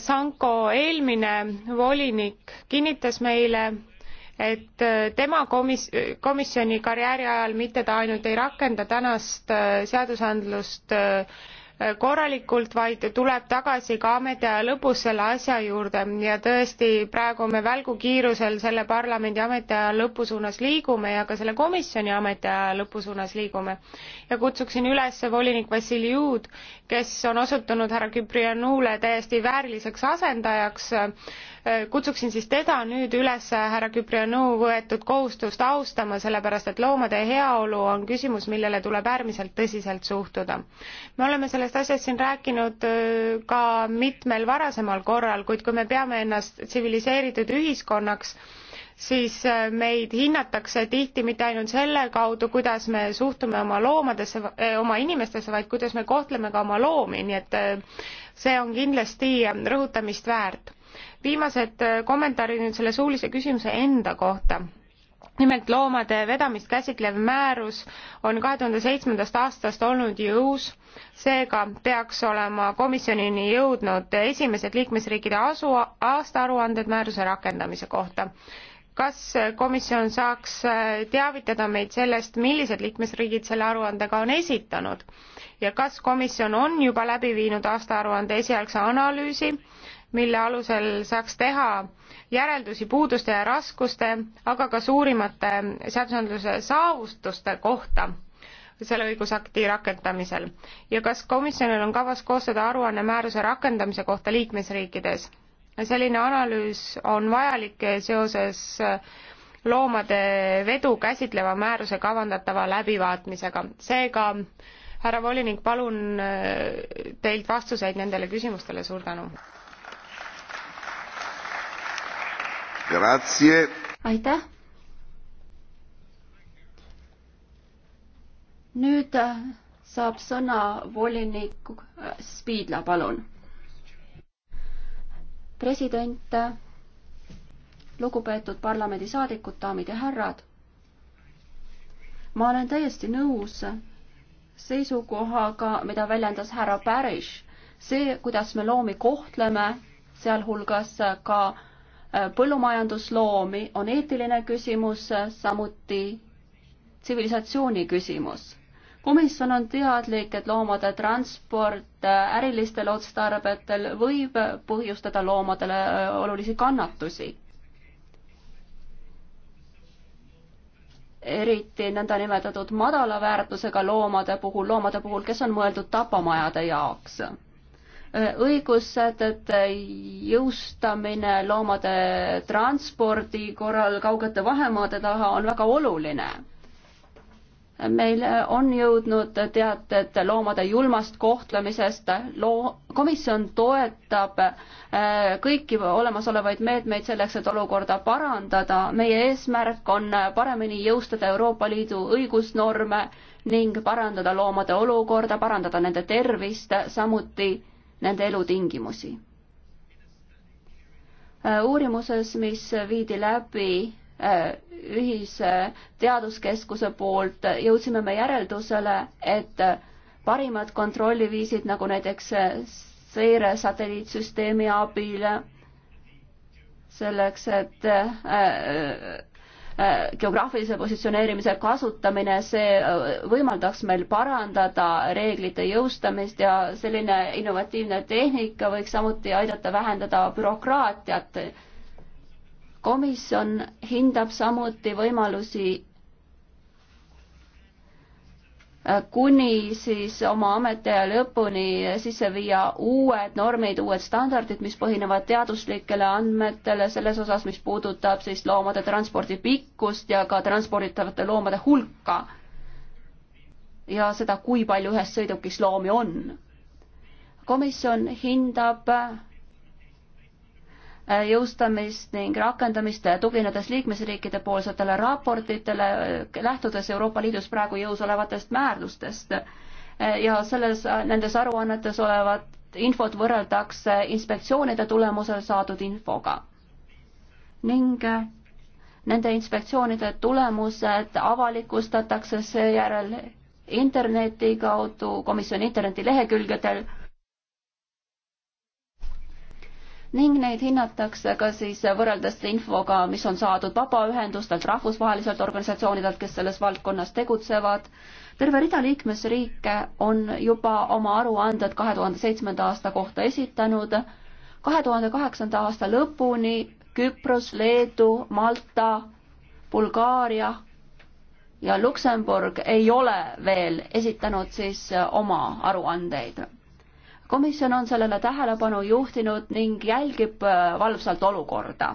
Sanko eelmine volinik kinnitas meile, et äh, tema komis-, komisjoni karjääri ajal mitte ta ainult ei rakenda tänast äh, seadusandlust äh, korralikult, vaid tuleb tagasi ka ametiaja lõpus selle asja juurde ja tõesti, praegu me välgukiirusel selle parlamendi ametiaja lõpu suunas liigume ja ka selle komisjoni ametiaja lõpu suunas liigume. ja kutsuksin üles volinik Vassiljud, kes on osutunud härra Küprianule täiesti vääriliseks asendajaks, kutsuksin siis teda nüüd üles härra Küprianu võetud kohustust austama, sellepärast et loomade heaolu on küsimus, millele tuleb äärmiselt tõsiselt suhtuda. me oleme selles sellest asjast siin rääkinud ka mitmel varasemal korral, kuid kui me peame ennast tsiviliseeritud ühiskonnaks, siis meid hinnatakse tihti mitte ainult selle kaudu, kuidas me suhtume oma loomadesse, oma inimestesse, vaid kuidas me kohtleme ka oma loomi, nii et see on kindlasti rõhutamist väärt. viimased kommentaarid nüüd selle suulise küsimuse enda kohta nimelt loomade vedamist käsitlev määrus on 2007. aastast olnud jõus seega peaks olema komisjonini jõudnud esimesed liikmesriikide asu, aastaaruanded määruse rakendamise kohta kas komisjon saaks teavitada meid sellest millised liikmesriigid selle aruandega on esitanud ja kas komisjon on juba läbi viinud aastaaruande esialgse analüüsi mille alusel saaks teha järeldusi puuduste ja raskuste, aga ka suurimate seadusandluse saavutuste kohta selle õigusakti rakendamisel ja kas komisjonil on kavas koostada aruanne määruse rakendamise kohta liikmesriikides. selline analüüs on vajalik seoses loomade vedu käsitleva määruse kavandatava läbivaatmisega. seega härra volinik, palun teilt vastuseid nendele küsimustele, suur tänu! aitäh. nüüd äh, saab sõna volinik äh, Spiidla, palun. president, äh, lugupeetud parlamendisaadikud, daamid ja härrad. ma olen täiesti nõus seisukohaga, mida väljendas härra Parish. see, kuidas me loomi kohtleme, sealhulgas ka Äh, põllumajandusloomi, on eetiline küsimus, äh, samuti tsivilisatsiooni küsimus. komisjon on teadlik, et loomade transport äh, ärilistel otstarbetel võib põhjustada loomadele olulisi kannatusi. eriti nõndanimetatud madala väärtusega loomade puhul, loomade puhul, kes on mõeldud tapamajade jaoks õigussätete jõustamine loomade transpordi korral kaugete vahemaade taha on väga oluline. meil on jõudnud teated loomade julmast kohtlemisest, loo-, komisjon toetab äh, kõiki olemasolevaid meetmeid selleks, et olukorda parandada, meie eesmärk on paremini jõustada Euroopa Liidu õigusnorme ning parandada loomade olukorda, parandada nende tervist, samuti nende elutingimusi. Äh, uurimuses, mis viidi läbi äh, ühise teaduskeskuse poolt, jõudsime me järeldusele, et äh, parimad kontrolliviisid, nagu näiteks seire satelliitsüsteemi abil, selleks, et Äh, geograafilise positsioneerimise kasutamine, see äh, võimaldaks meil parandada reeglite jõustamist ja selline innovatiivne tehnika võiks samuti aidata vähendada bürokraatiat. komisjon hindab samuti võimalusi Äh, kuni siis oma ametiaja lõpuni sisse viia uued normid, uued standardid, mis põhinevad teaduslikele andmetele selles osas, mis puudutab siis loomade transpordi pikkust ja ka transporditavate loomade hulka. ja seda, kui palju ühes sõidukis loomi on. komisjon hindab Äh, jõustamist ning rakendamist, äh, tuginedes liikmesriikide poolsetele raportitele, äh, lähtudes Euroopa Liidus praegu jõus olevatest määrdustest. ja selles, nendes aruannetes olevat infot võrreldakse inspektsioonide tulemusel saadud infoga. ning nende inspektsioonide tulemused avalikustatakse seejärel interneti kaudu komisjoni internetilehekülgedel ning neid hinnatakse ka siis võrreldes infoga, mis on saadud vabaühendustelt, rahvusvaheliselt organisatsioonidelt, kes selles valdkonnas tegutsevad. terve rida liikmesriike on juba oma aruanded kahe tuhande seitsmenda aasta kohta esitanud. kahe tuhande kaheksanda aasta lõpuni Küpros, Leedu, Malta, Bulgaaria ja Luksemburg ei ole veel esitanud siis oma aruandeid komisjon on sellele tähelepanu juhtinud ning jälgib äh, valvsalt olukorda.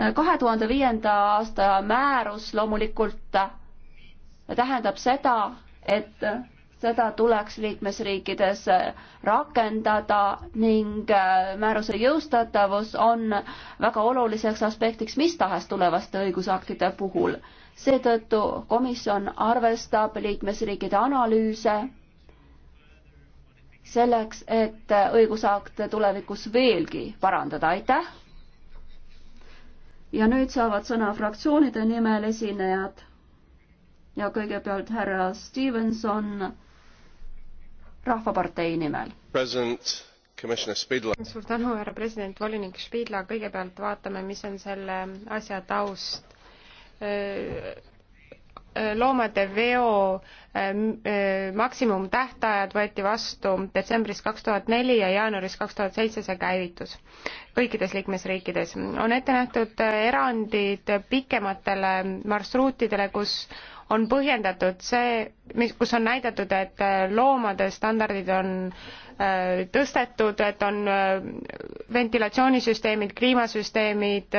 Äh, kahe tuhande viienda aasta määrus loomulikult äh, tähendab seda, et seda tuleks liikmesriikides rakendada ning määruse jõustatavus on väga oluliseks aspektiks mis tahes tulevaste õigusaktide puhul seetõttu komisjon arvestab liikmesriikide analüüse selleks, et õigusakte tulevikus veelgi parandada, aitäh! ja nüüd saavad sõna fraktsioonide nimel esinejad ja kõigepealt härra Stevenson Rahvapartei nimel. president, suur tänu, härra president, volinik Spidla, kõigepealt vaatame, mis on selle asja taust loomade veo e, maksimumtähtajad võeti vastu detsembris kaks tuhat neli ja jaanuaris kaks tuhat seitse see käivitus kõikides liikmesriikides. on ette nähtud e, erandid pikematele marsruutidele, kus on põhjendatud see, mis, kus on näidatud, et e, loomade standardid on tõstetud, et on ventilatsioonisüsteemid, kliimasüsteemid,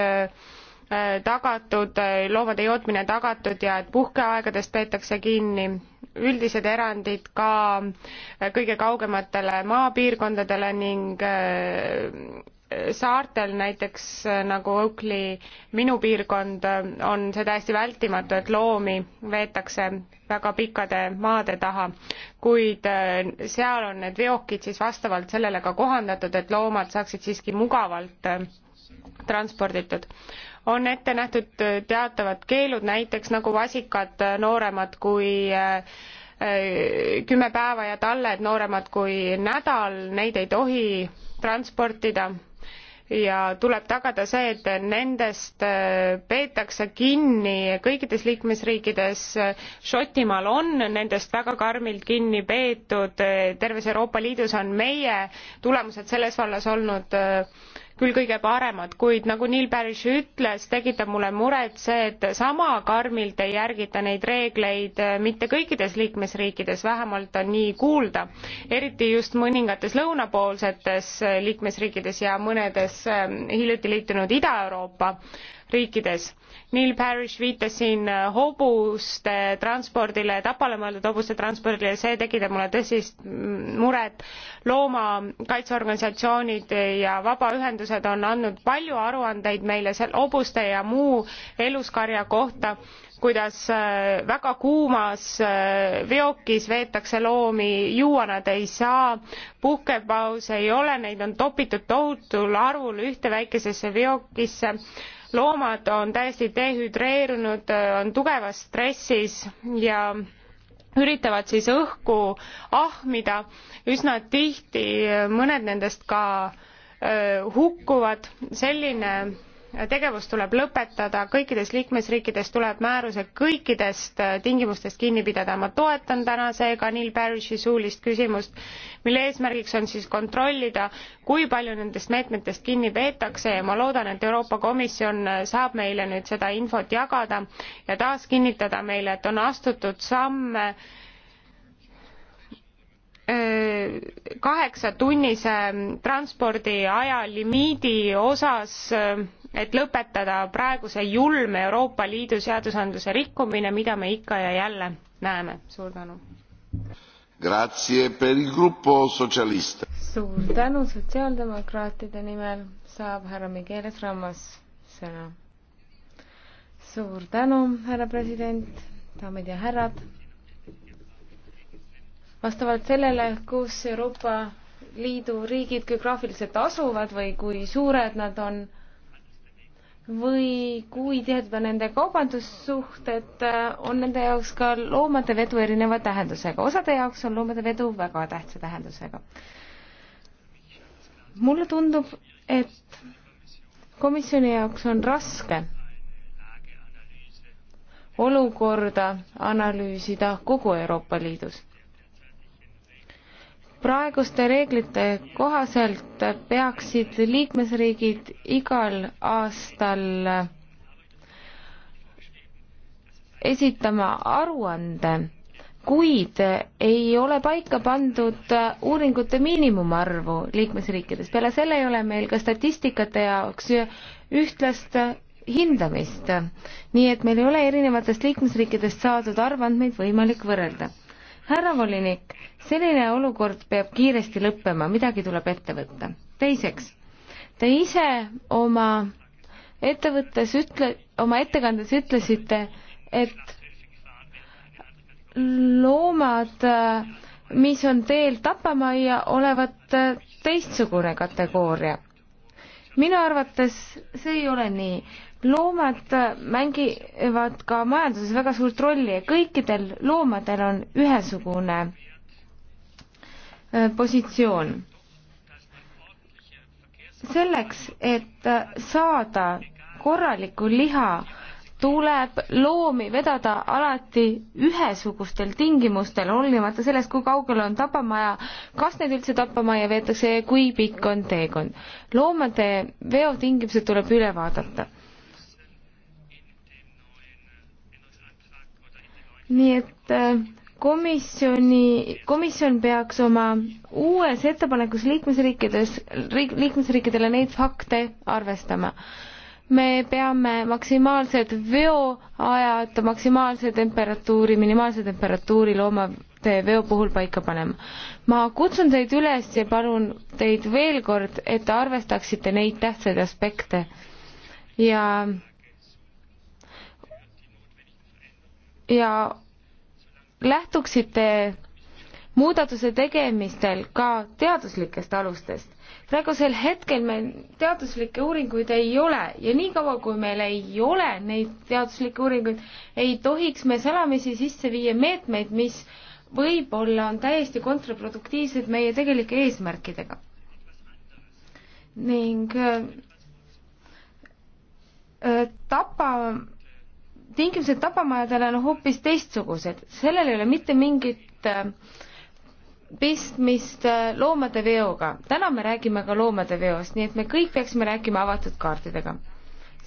Äh, tagatud, äh, loomade jootmine tagatud ja et puhkeaegadest peetakse kinni. üldised erandid ka äh, kõige kaugematele maapiirkondadele ning saartel näiteks nagu Oakley, minu piirkond, on see täiesti vältimatu, et loomi veetakse väga pikkade maade taha, kuid seal on need veokid siis vastavalt sellele ka kohandatud, et loomad saaksid siiski mugavalt transporditud on ette nähtud teatavad keelud, näiteks nagu vasikad nooremad kui eh, kümme päeva ja talled nooremad kui nädal, neid ei tohi transportida ja tuleb tagada see, et nendest eh, peetakse kinni kõikides liikmesriikides. Šotimaal on nendest väga karmilt kinni peetud, terves Euroopa Liidus on meie tulemused selles vallas olnud äh, küll kõige paremad, kuid nagu Neil Parish ütles, tekitab mulle muret see, et sama karmilt ei järgita neid reegleid äh, mitte kõikides liikmesriikides, vähemalt on nii kuulda, eriti just mõningates lõunapoolsetes äh, liikmesriikides ja mõnedes äh, hiljuti liitunud Ida-Euroopa riikides. Neil Parish viitas siin äh, hobuste transpordile, tapale mõeldud hobuste transpordile, see tekitab mulle tõsist muret. loomakaitseorganisatsioonid ja vabaühendused on andnud palju aruandeid meile seal hobuste ja muu eluskarja kohta, kuidas äh, väga kuumas äh, veokis veetakse loomi, juua nad ei saa, puhkepaus ei ole, neid on topitud tohutul arvul ühte väikesesse veokisse loomad on täiesti dehüdreerunud, on tugevas stressis ja üritavad siis õhku ahmida, üsna tihti mõned nendest ka hukkuvad, selline tegevus tuleb lõpetada, kõikides liikmesriikides tuleb määruse kõikidest äh, tingimustest kinni pidada. ma toetan täna seega Neil Parishi suulist küsimust, mille eesmärgiks on siis kontrollida, kui palju nendest meetmetest kinni peetakse ja ma loodan, et Euroopa Komisjon äh, saab meile nüüd seda infot jagada ja taas kinnitada meile, et on astutud samme Äh, kaheksatunnise transpordi ajalimiidi osas äh, et lõpetada praeguse julm euroopa liidu seadusandluse rikkumine mida me ikka ja jälle näeme suur tänu suur tänu sotsiaaldemokraatide nimel saab härra Migueles Rammas sõna suur tänu härra president daamid ja härrad vastavalt sellele, kus Euroopa Liidu riigid geograafiliselt asuvad või kui suured nad on või kui tihedad on nende kaubandussuhted, on nende jaoks ka loomade vedu erineva tähendusega. osade jaoks on loomade vedu väga tähtsa tähendusega. mulle tundub, et komisjoni jaoks on raske olukorda analüüsida kogu Euroopa Liidus praeguste reeglite kohaselt peaksid liikmesriigid igal aastal esitama aruande, kuid ei ole paika pandud uuringute miinimumarvu liikmesriikides. peale selle ei ole meil ka statistikate jaoks ühtlast hindamist, nii et meil ei ole erinevatest liikmesriikidest saadud arvandmeid võimalik võrrelda härra volinik, selline olukord peab kiiresti lõppema, midagi tuleb ette võtta. teiseks, te ise oma ettevõttes ütle, oma ettekandes ütlesite, et loomad, mis on teel tapamajja, olevat teistsugune kategooria. minu arvates see ei ole nii loomad mängivad ka majanduses väga suurt rolli ja kõikidel loomadel on ühesugune äh, positsioon. selleks, et äh, saada korralikku liha, tuleb loomi vedada alati ühesugustel tingimustel, hoolimata sellest, kui kaugel on tapamaja, kas neid üldse tapamaja veetakse ja kui pikk on teekond. loomade veotingimused tuleb üle vaadata nii et äh, komisjoni, komisjon peaks oma uues ettepanekus liikmesriikides, riik, liikmesriikidele neid fakte arvestama. me peame maksimaalsed veoajad, maksimaalse temperatuuri, minimaalse temperatuuri loomade veo puhul paika panema. ma kutsun teid üles ja palun teid veel kord, et te arvestaksite neid tähtsaid aspekte ja ja lähtuksite muudatuse tegemistel ka teaduslikest alustest. praegusel hetkel meil teaduslikke uuringuid ei ole ja niikaua, kui meil ei ole neid teaduslikke uuringuid, ei tohiks me salamisi sisse viia meetmeid, mis võib-olla on täiesti kontraproduktiivsed meie tegelike eesmärkidega. ning äh, äh tapa tingimused tapamajadele on hoopis teistsugused, sellel ei ole mitte mingit äh, pistmist äh, loomade veoga. täna me räägime ka loomade veost, nii et me kõik peaksime rääkima avatud kaartidega.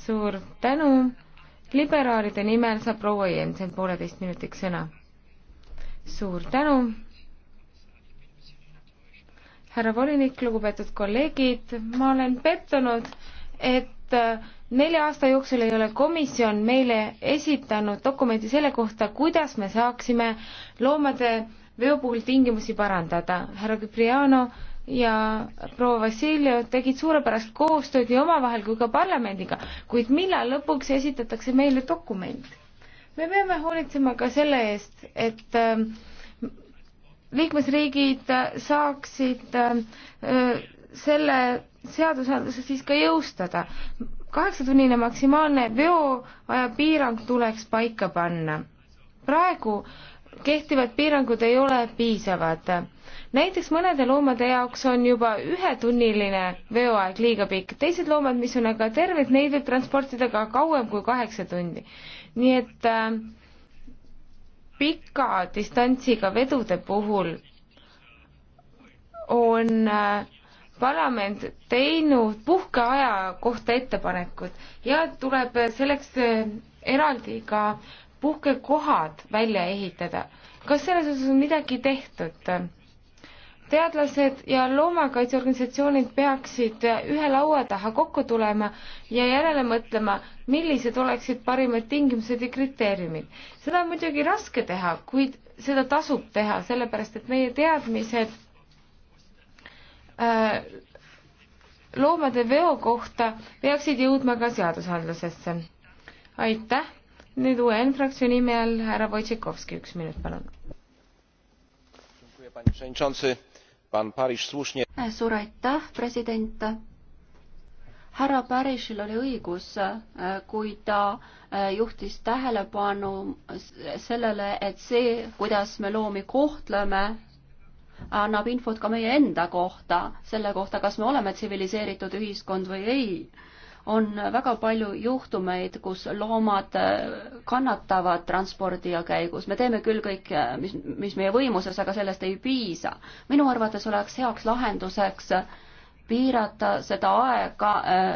suur tänu, liberaalide nimel saab proua Jensen pooleteist minutiks sõna. suur tänu härra volinik, lugupeetud kolleegid, ma olen pettunud, et Äh, nelja aasta jooksul ei ole komisjon meile esitanud dokumendi selle kohta, kuidas me saaksime loomade veo puhul tingimusi parandada. härra Küpriano ja proua Vassiljev tegid suurepärast koostööd nii omavahel kui ka parlamendiga, kuid millal lõpuks esitatakse meile dokument? me peame hoolitsema ka selle eest, et äh, liikmesriigid saaksid äh, selle seadusandluse siis ka jõustada. kaheksatunnine maksimaalne veoaja piirang tuleks paika panna. praegu kehtivad piirangud ei ole piisavad. näiteks mõnede loomade jaoks on juba ühetunniline veoaeg liiga pikk, teised loomad, mis on aga terved, neid võib transportida ka kauem kui kaheksa tundi. nii et äh, pika distantsiga vedude puhul on äh, parlament teinud puhkeaja kohta ettepanekud ja tuleb selleks äh, eraldi ka puhkekohad välja ehitada. kas selles osas on midagi tehtud? teadlased ja loomakaitseorganisatsioonid peaksid äh, ühe laua taha kokku tulema ja järele mõtlema, millised oleksid parimad tingimused ja kriteeriumid. seda on muidugi raske teha, kuid seda tasub teha, sellepärast et meie teadmised Äh, loomade veo kohta peaksid jõudma ka seadusandlusesse. aitäh, nüüd UN fraktsiooni nimel härra Wojtšikovski, üks minut, palun. Äh, suur aitäh, president. härra Parisil oli õigus, äh, kui ta juhtis tähelepanu sellele, et see, kuidas me loomi kohtleme, annab infot ka meie enda kohta, selle kohta, kas me oleme tsiviliseeritud ühiskond või ei. on väga palju juhtumeid, kus loomad äh, kannatavad transpordi ja käigus, me teeme küll kõik, äh, mis, mis meie võimuses, aga sellest ei piisa. minu arvates oleks heaks lahenduseks äh, piirata seda aega, äh,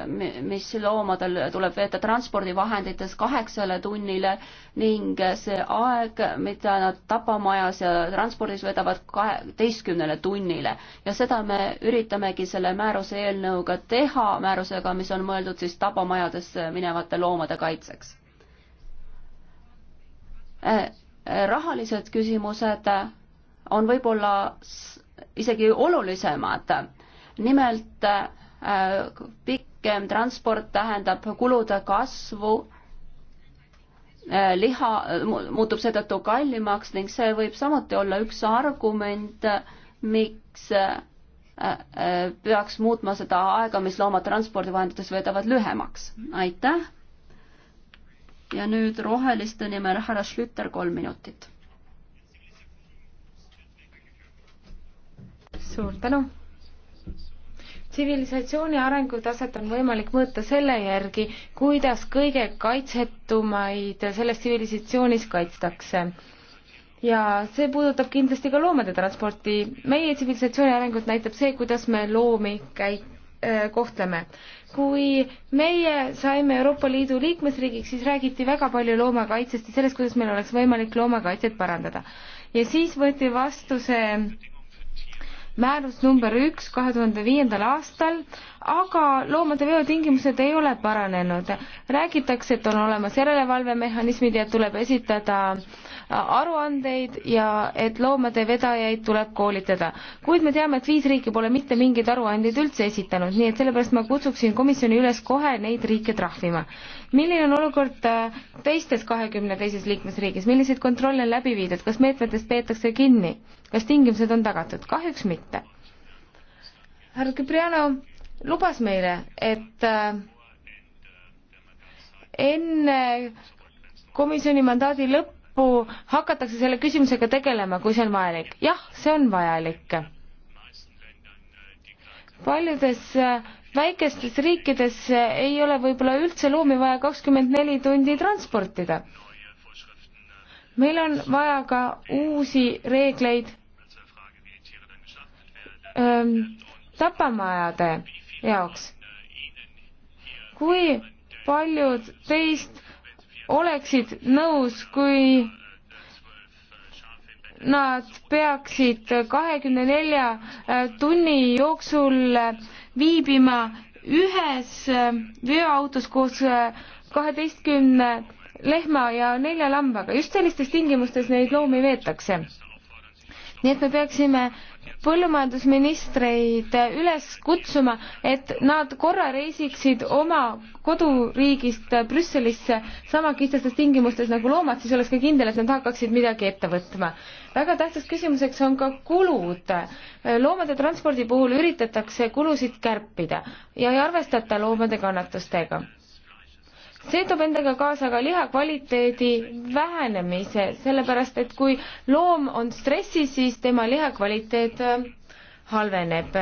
mis loomadel tuleb veeta transpordivahendites kaheksale tunnile ning see aeg, mida nad tapamajas ja transpordis veedavad kaheteistkümnele tunnile. ja seda me üritamegi selle määruse eelnõuga teha, määrusega, mis on mõeldud siis tapamajadesse minevate loomade kaitseks. Äh, rahalised küsimused on võib-olla isegi olulisemad nimelt äh, pikem transport tähendab kulude kasvu äh, liha äh, muutub seetõttu kallimaks ning see võib samuti olla üks argument, miks peaks muutma seda aega, mis loomad transpordivahendites veedavad lühemaks. aitäh. ja nüüd roheliste nimel härra Schlüter, kolm minutit. suur tänu tsivilisatsiooni arengutaset on võimalik mõõta selle järgi, kuidas kõige kaitsetumaid selles tsivilisatsioonis kaitstakse ja see puudutab kindlasti ka loomade transporti. meie tsivilisatsiooni arengut näitab see, kuidas me loomi käi- äh,, kohtleme. kui meie saime Euroopa Liidu liikmesriigiks, siis räägiti väga palju loomakaitsest ja sellest, kuidas meil oleks võimalik loomakaitset parandada. ja siis võeti vastu see määrus number üks kahe tuhande viiendal aastal, aga loomade veotingimused ei ole paranenud. räägitakse, et on olemas järelevalvemehhanismid ja tuleb esitada äh, aruandeid ja et loomade vedajaid tuleb koolitada. kuid me teame, et viis riiki pole mitte mingeid aruandeid üldse esitanud, nii et sellepärast ma kutsuksin komisjoni üles kohe neid riike trahvima. milline on olukord äh, teistes kahekümne teises liikmesriigis, milliseid kontrolle on läbi viidud, kas meetmetest peetakse kinni, kas tingimused on tagatud? kahjuks mitte. härra Küpriano lubas meile, et äh, enne komisjoni mandaadi lõppu lõppu hakatakse selle küsimusega tegelema, kui see on vajalik. jah, see on vajalik. paljudes äh, väikestes riikides äh, ei ole võib-olla üldse loomi vaja kakskümmend neli tundi transportida. meil on vaja ka uusi reegleid ähm, tapamajade jaoks. kui paljud teist oleksid nõus, kui nad peaksid kahekümne nelja äh, tunni jooksul viibima ühes äh, veoautos koos äh, kaheteistkümne lehma ja nelja lambaga. just sellistes tingimustes neid loomi veetakse nii et me peaksime põllumajandusministreid üles kutsuma, et nad korra reisiksid oma koduriigist Brüsselisse sama kitsastes tingimustes nagu loomad, siis oleks ka kindel, et nad hakkaksid midagi ette võtma. väga tähtsaks küsimuseks on ka kulud. loomade transpordi puhul üritatakse kulusid kärpida ja ei arvestata loomade kannatustega see toob endaga kaasa ka liha kvaliteedi vähenemise, sellepärast et kui loom on stressis, siis tema liha kvaliteet äh, halveneb.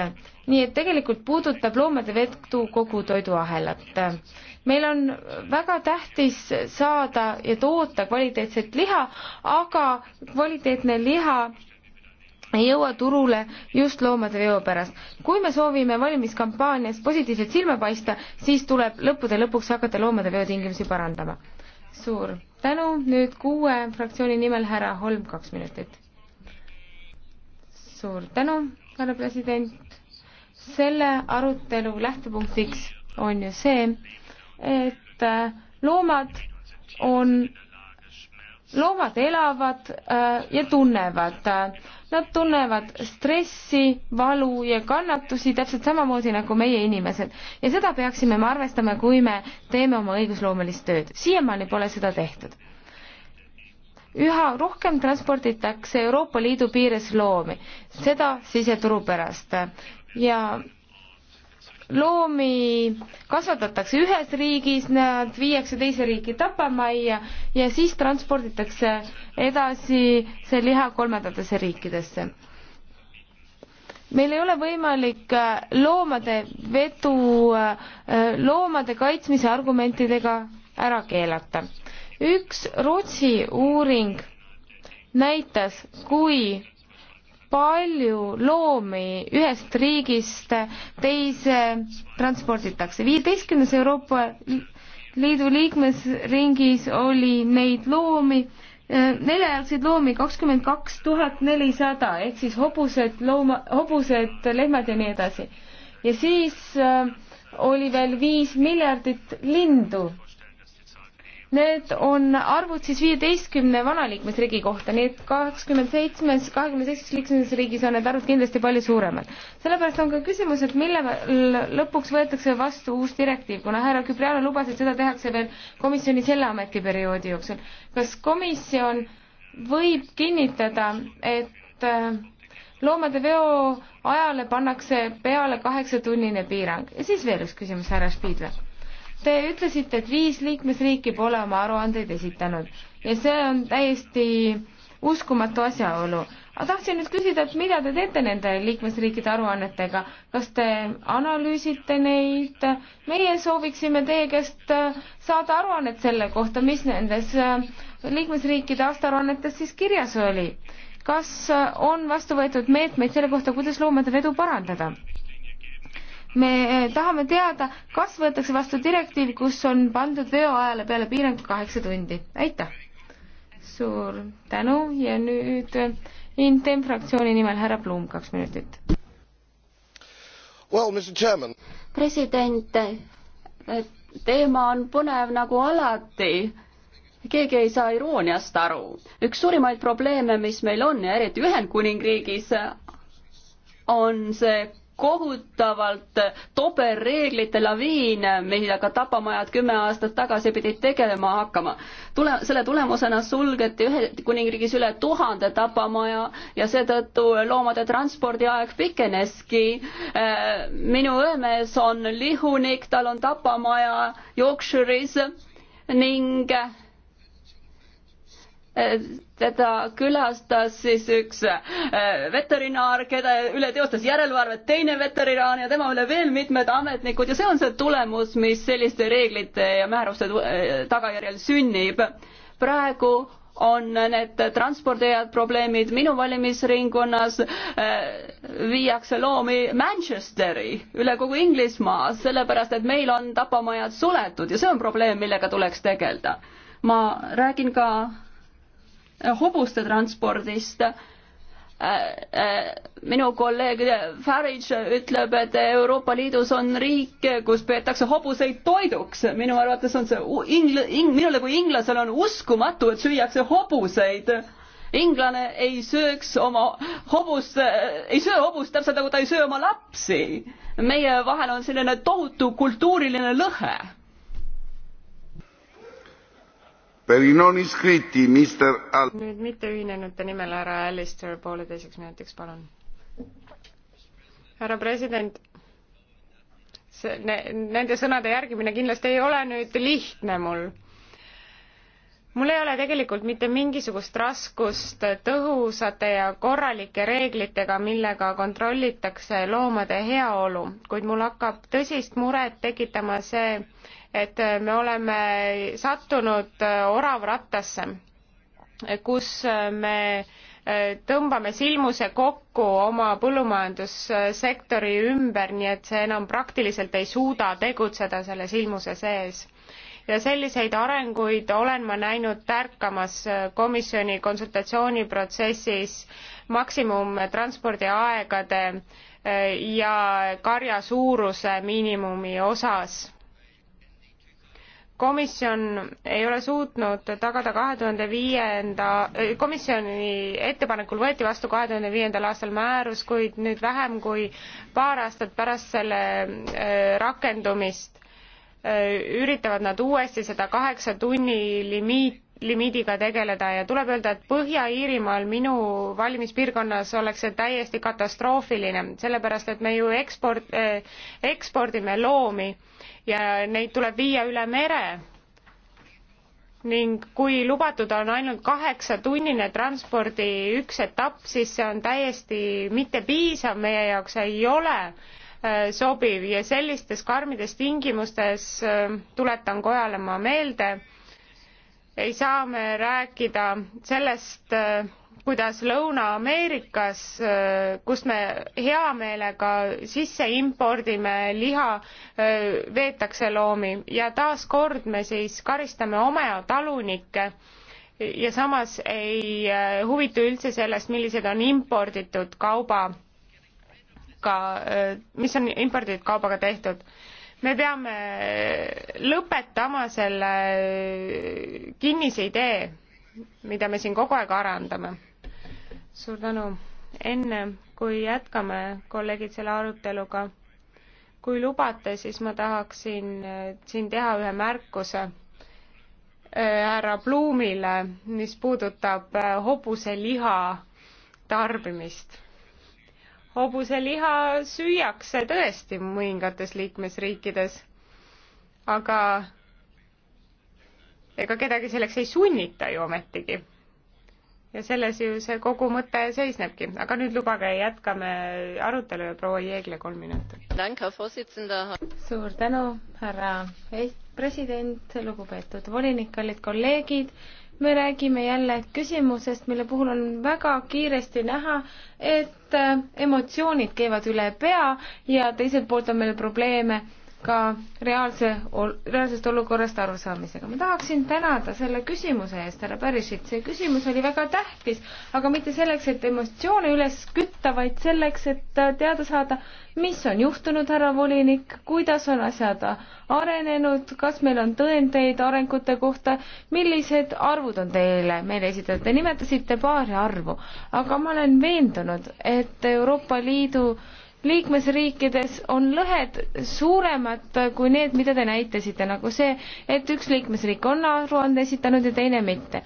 nii et tegelikult puudutab loomade vedu kogu toiduahelat. meil on väga tähtis saada ja toota kvaliteetset liha, aga kvaliteetne liha ei jõua turule just loomade veo pärast. kui me soovime valimiskampaanias positiivselt silma paista, siis tuleb lõppude lõpuks hakata loomade veotingimusi parandama. suur tänu, nüüd kuue fraktsiooni nimel härra Holm, kaks minutit. suur tänu, härra president. selle arutelu lähtepunktiks on ju see, et loomad on loomad elavad äh, ja tunnevad. Nad tunnevad stressi, valu ja kannatusi täpselt samamoodi nagu meie inimesed ja seda peaksime me arvestama, kui me teeme oma õigusloomelist tööd. siiamaani pole seda tehtud. üha rohkem transporditakse Euroopa Liidu piires loomi, seda siseturu pärast ja loomi kasvatatakse ühes riigis, nad viiakse teise riiki tapamajja ja siis transporditakse edasi see liha kolmandatesse riikidesse. meil ei ole võimalik äh, loomade vedu äh, loomade kaitsmise argumentidega ära keelata. üks Rootsi uuring näitas, kui palju loomi ühest riigist teise transporditakse. viieteistkümnes Euroopa Liidu liikmesringis oli neid loomi, eh, neljajalgseid loomi kakskümmend kaks tuhat nelisada ehk siis hobused, looma, hobused, lehmad ja nii edasi. ja siis äh, oli veel viis miljardit lindu Need on arvud siis viieteistkümne vana liikmesriigi kohta, nii et kakskümmend seitsmes, kahekümne seitsmes liikmesriigis on need arvud kindlasti palju suuremad. sellepärast on ka küsimus, et mille lõpuks võetakse vastu uus direktiiv, kuna härra Kübriano lubas, et seda tehakse veel komisjoni selle ametiperioodi jooksul. kas komisjon võib kinnitada, et äh, loomade veo ajale pannakse peale kaheksatunnine piirang ja siis veel üks küsimus, härra Spiidla Te ütlesite, et viis liikmesriiki pole oma aruandeid esitanud ja see on täiesti uskumatu asjaolu. aga tahtsin nüüd küsida, et mida te teete nende liikmesriikide aruannetega, kas te analüüsite neid? meie sooviksime teie käest äh, saada aruannet selle kohta, mis nendes äh, liikmesriikide aastaaruannetes siis kirjas oli. kas äh, on vastu võetud meetmeid selle kohta, kuidas loomade vedu parandada? me eh, tahame teada, kas võetakse vastu direktiiv, kus on pandud veoajale peale piirang kaheksa tundi. aitäh! suur tänu ja nüüd eh, Intem fraktsiooni nimel härra Blum, kaks minutit. Well, president, teema on põnev nagu alati keegi ei saa irooniast aru. üks suurimaid probleeme, mis meil on ja eriti Ühendkuningriigis, on see kohutavalt toberreeglite laviin, millega tapamajad kümme aastat tagasi pidid tegelema hakkama. tule, selle tulemusena sulgeti Ühendkuningriigis üle tuhande tapamaja ja seetõttu loomade transpordiaeg pikeneski. Äh, minu õemees on lihunik, tal on tapamaja Yorkshire'is ning teda külastas siis üks äh, veterinaar, keda üle teostas järelevalvet teine veterinaar ja tema üle veel mitmed ametnikud ja see on see tulemus, mis selliste reeglite ja määruste äh, tagajärjel sünnib. praegu on need transpordijad probleemid minu valimisringkonnas äh, viiakse loomi Manchesteri üle kogu Inglismaa, sellepärast et meil on tapamajad suletud ja see on probleem, millega tuleks tegeleda. ma räägin ka hobuste transpordist. Äh, äh, minu kolleeg Farage ütleb, et Euroopa Liidus on riike, kus peetakse hobuseid toiduks. minu arvates on see ingl-, ing-, minule kui inglasele on uskumatu, et süüakse hobuseid inglane ei sööks oma hobust, ei söö hobust täpselt nagu ta ei söö oma lapsi. meie vahel on selline tohutu kultuuriline lõhe nüüd mitteühinenute nimel härra Alistair pooleteiseks minutiks, palun. härra president, see ne,, nende sõnade järgimine kindlasti ei ole nüüd lihtne mul mul ei ole tegelikult mitte mingisugust raskust tõhusate ja korralike reeglitega, millega kontrollitakse loomade heaolu, kuid mul hakkab tõsist muret tekitama see, et me oleme sattunud äh, oravrattasse, kus äh, me äh, tõmbame silmuse kokku oma põllumajandussektori ümber, nii et see enam praktiliselt ei suuda tegutseda selle silmuse sees. ja selliseid arenguid olen ma näinud tärkamas komisjoni konsultatsiooniprotsessis maksimumtranspordiaegade ja karja suuruse miinimumi osas komisjon ei ole suutnud tagada kahe tuhande viienda, komisjoni ettepanekul võeti vastu kahe tuhande viiendal aastal määrus, kuid nüüd vähem kui paar aastat pärast selle äh, rakendumist äh, üritavad nad uuesti seda kaheksa tunni limiit limiidiga tegeleda ja tuleb öelda, et Põhja-Iirimaal minu valimispiirkonnas oleks see täiesti katastroofiline, sellepärast et me ju eksport, äh, ekspordime loomi ja neid tuleb viia üle mere ning kui lubatud on ainult kaheksatunnine transpordi üks etapp, siis see on täiesti mittepiisav meie jaoks, ei ole äh, sobiv ja sellistes karmides tingimustes äh, tuletan kojale ma meelde, ei saa me rääkida sellest äh, kuidas Lõuna-Ameerikas, kust me hea meelega sisse impordime liha, veetakse loomi ja taaskord me siis karistame oma talunikke ja samas ei äh, huvitu üldse sellest, millised on imporditud kauba ka, äh, mis on imporditud kaubaga tehtud me peame äh, lõpetama selle kinnise idee mida me siin kogu aeg arendame. suur tänu. enne kui jätkame, kolleegid, selle aruteluga, kui lubate, siis ma tahaksin äh, siin teha ühe märkuse äh, härra Blumile, mis puudutab äh, hobuseliha tarbimist hobuseliha süüakse tõesti mõningates liikmesriikides, aga ega kedagi selleks ei sunnita ju ometigi. ja selles ju see kogu mõte seisnebki, aga nüüd lubage, jätkame arutelu ja proua Jeegle kolm minutit. suur tänu, härra eh, president, lugupeetud volinik, kallid kolleegid, me räägime jälle küsimusest, mille puhul on väga kiiresti näha, et eh, emotsioonid keevad üle pea ja teiselt poolt on meil probleeme ka reaalse ol,, reaalsest olukorrast arusaamisega. ma tahaksin tänada selle küsimuse eest, härra Pärisit, see küsimus oli väga tähtis, aga mitte selleks, et emotsioone üles kütta, vaid selleks, et teada saada, mis on juhtunud, härra volinik, kuidas on asjad arenenud, kas meil on tõendeid arengute kohta, millised arvud on teile meile esitatud, te nimetasite paari arvu, aga ma olen veendunud, et Euroopa Liidu liikmesriikides on lõhed suuremad kui need, mida te näitasite, nagu see, et üks liikmesriik on aruande esitanud ja teine mitte.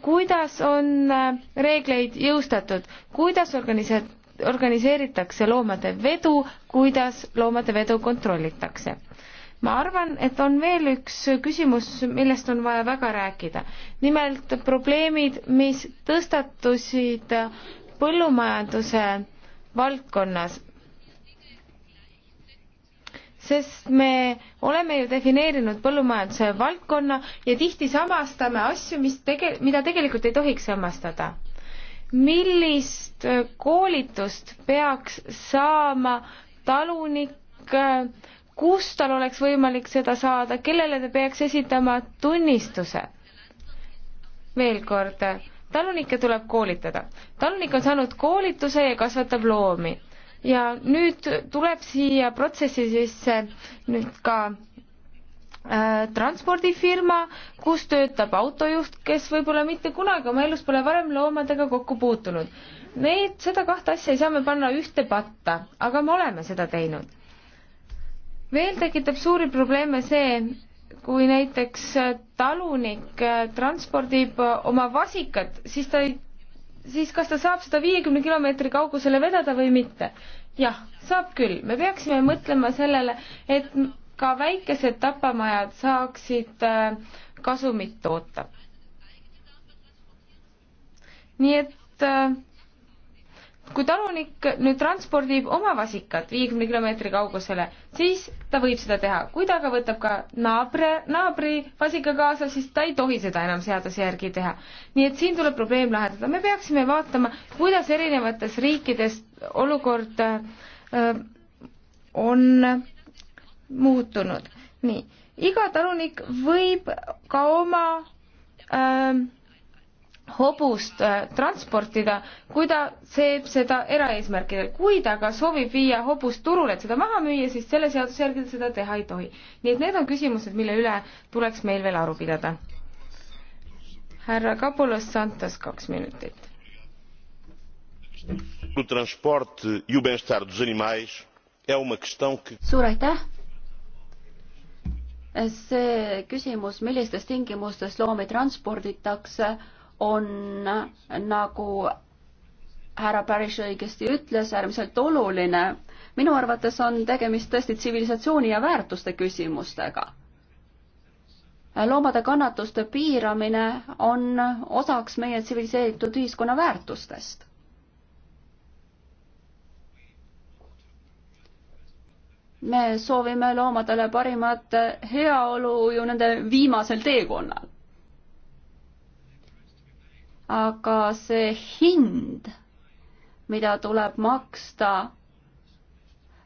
kuidas on äh, reegleid jõustatud, kuidas organise-, organiseeritakse loomade vedu, kuidas loomade vedu kontrollitakse? ma arvan, et on veel üks küsimus, millest on vaja väga rääkida. nimelt probleemid, mis tõstatusid põllumajanduse valdkonnas sest me oleme ju defineerinud põllumajanduse valdkonna ja tihti samastame asju, mis tege-, mida tegelikult ei tohiks samastada. millist äh, koolitust peaks saama talunik, äh, kus tal oleks võimalik seda saada, kellele ta peaks esitama tunnistuse? veel kord, äh, talunikke tuleb koolitada. talunik on saanud koolituse ja kasvatab loomi ja nüüd tuleb siia protsessi sisse nüüd ka äh, transpordifirma, kus töötab autojuht, kes võib-olla mitte kunagi oma elus pole varem loomadega kokku puutunud. Neid, seda kahte asja ei saa me panna ühte patta, aga me oleme seda teinud. veel tekitab suuri probleeme see, kui näiteks talunik äh, transpordib äh, oma vasikat, siis ta ei siis kas ta saab seda viiekümne kilomeetri kaugusele vedada või mitte? jah, saab küll, me peaksime mõtlema sellele, et ka väikesed tapamajad saaksid äh, kasumit toota. nii et äh, kui talunik nüüd transpordib oma vasikat viiekümne kilomeetri kaugusele, siis ta võib seda teha. kui ta aga võtab ka naabre, naabri vasika kaasa, siis ta ei tohi seda enam seaduse järgi teha. nii et siin tuleb probleem lahendada. me peaksime vaatama, kuidas erinevates riikides olukord öö, äh, on muutunud. nii, iga talunik võib ka oma öö, äh, hobust äh, transportida, kui ta teeb seda eraeesmärkidel. kui ta aga soovib viia hobust turule, et seda maha müüa, siis selle seaduse järgi ta seda teha ei tohi. nii et need on küsimused, mille üle tuleks meil veel aru pidada. härra Kapolos Santos, kaks minutit. E suur aitäh see küsimus, millistes tingimustes loomi transporditakse, on nagu härra Parish õigesti ütles, äärmiselt oluline. minu arvates on tegemist tõesti tsivilisatsiooni ja väärtuste küsimustega. loomade kannatuste piiramine on osaks meie tsiviliseeritud ühiskonna väärtustest. me soovime loomadele parimat heaolu ju nende viimasel teekonnal aga see hind, mida tuleb maksta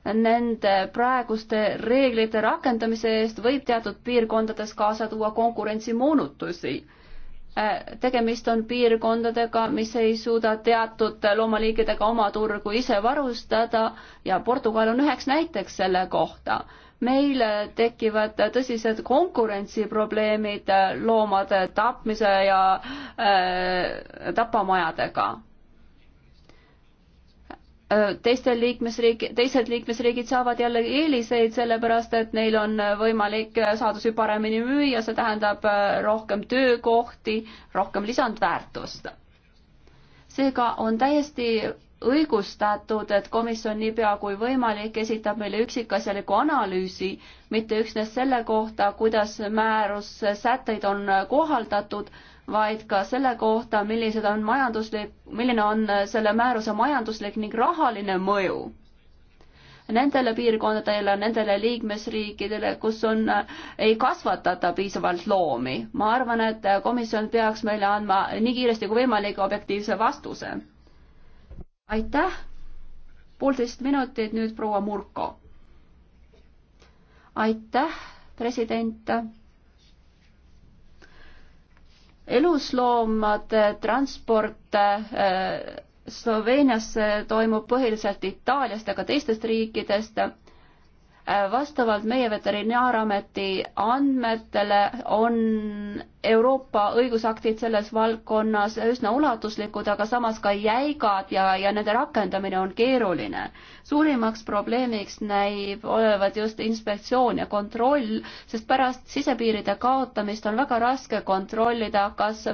nende praeguste reeglite rakendamise eest, võib teatud piirkondades kaasa tuua konkurentsimoonutusi. Äh, tegemist on piirkondadega, mis ei suuda teatud loomaliikidega oma turgu ise varustada ja Portugal on üheks näiteks selle kohta meil tekivad tõsised konkurentsiprobleemid äh, loomade tapmise ja äh, tapamajadega. Äh, teistel liikmesriik, teised liikmesriigid saavad jälle eeliseid, sellepärast et neil on võimalik saadusi paremini müüa, see tähendab äh, rohkem töökohti, rohkem lisandväärtust seega on täiesti õigustatud, et komisjon niipea kui võimalik esitab meile üksikasjaliku analüüsi, mitte üksnes selle kohta, kuidas määruse sätteid on kohaldatud, vaid ka selle kohta, millised on majanduslik, milline on selle määruse majanduslik ning rahaline mõju nendele piirkondadele, nendele liikmesriikidele, kus on, ei kasvatata piisavalt loomi. ma arvan, et komisjon peaks meile andma nii kiiresti kui võimalik objektiivse vastuse aitäh, poolteist minutit nüüd proua Murko. aitäh, president. elusloomade transport äh, Sloveeniasse toimub põhiliselt Itaaliast, aga teistest riikidest Äh, vastavalt meie Veterinaarameti andmetele on Euroopa õigusaktid selles valdkonnas üsna ulatuslikud, aga samas ka jäigad ja, ja nende rakendamine on keeruline. suurimaks probleemiks näib olevat just inspektsioon ja kontroll, sest pärast sisepiiride kaotamist on väga raske kontrollida, kas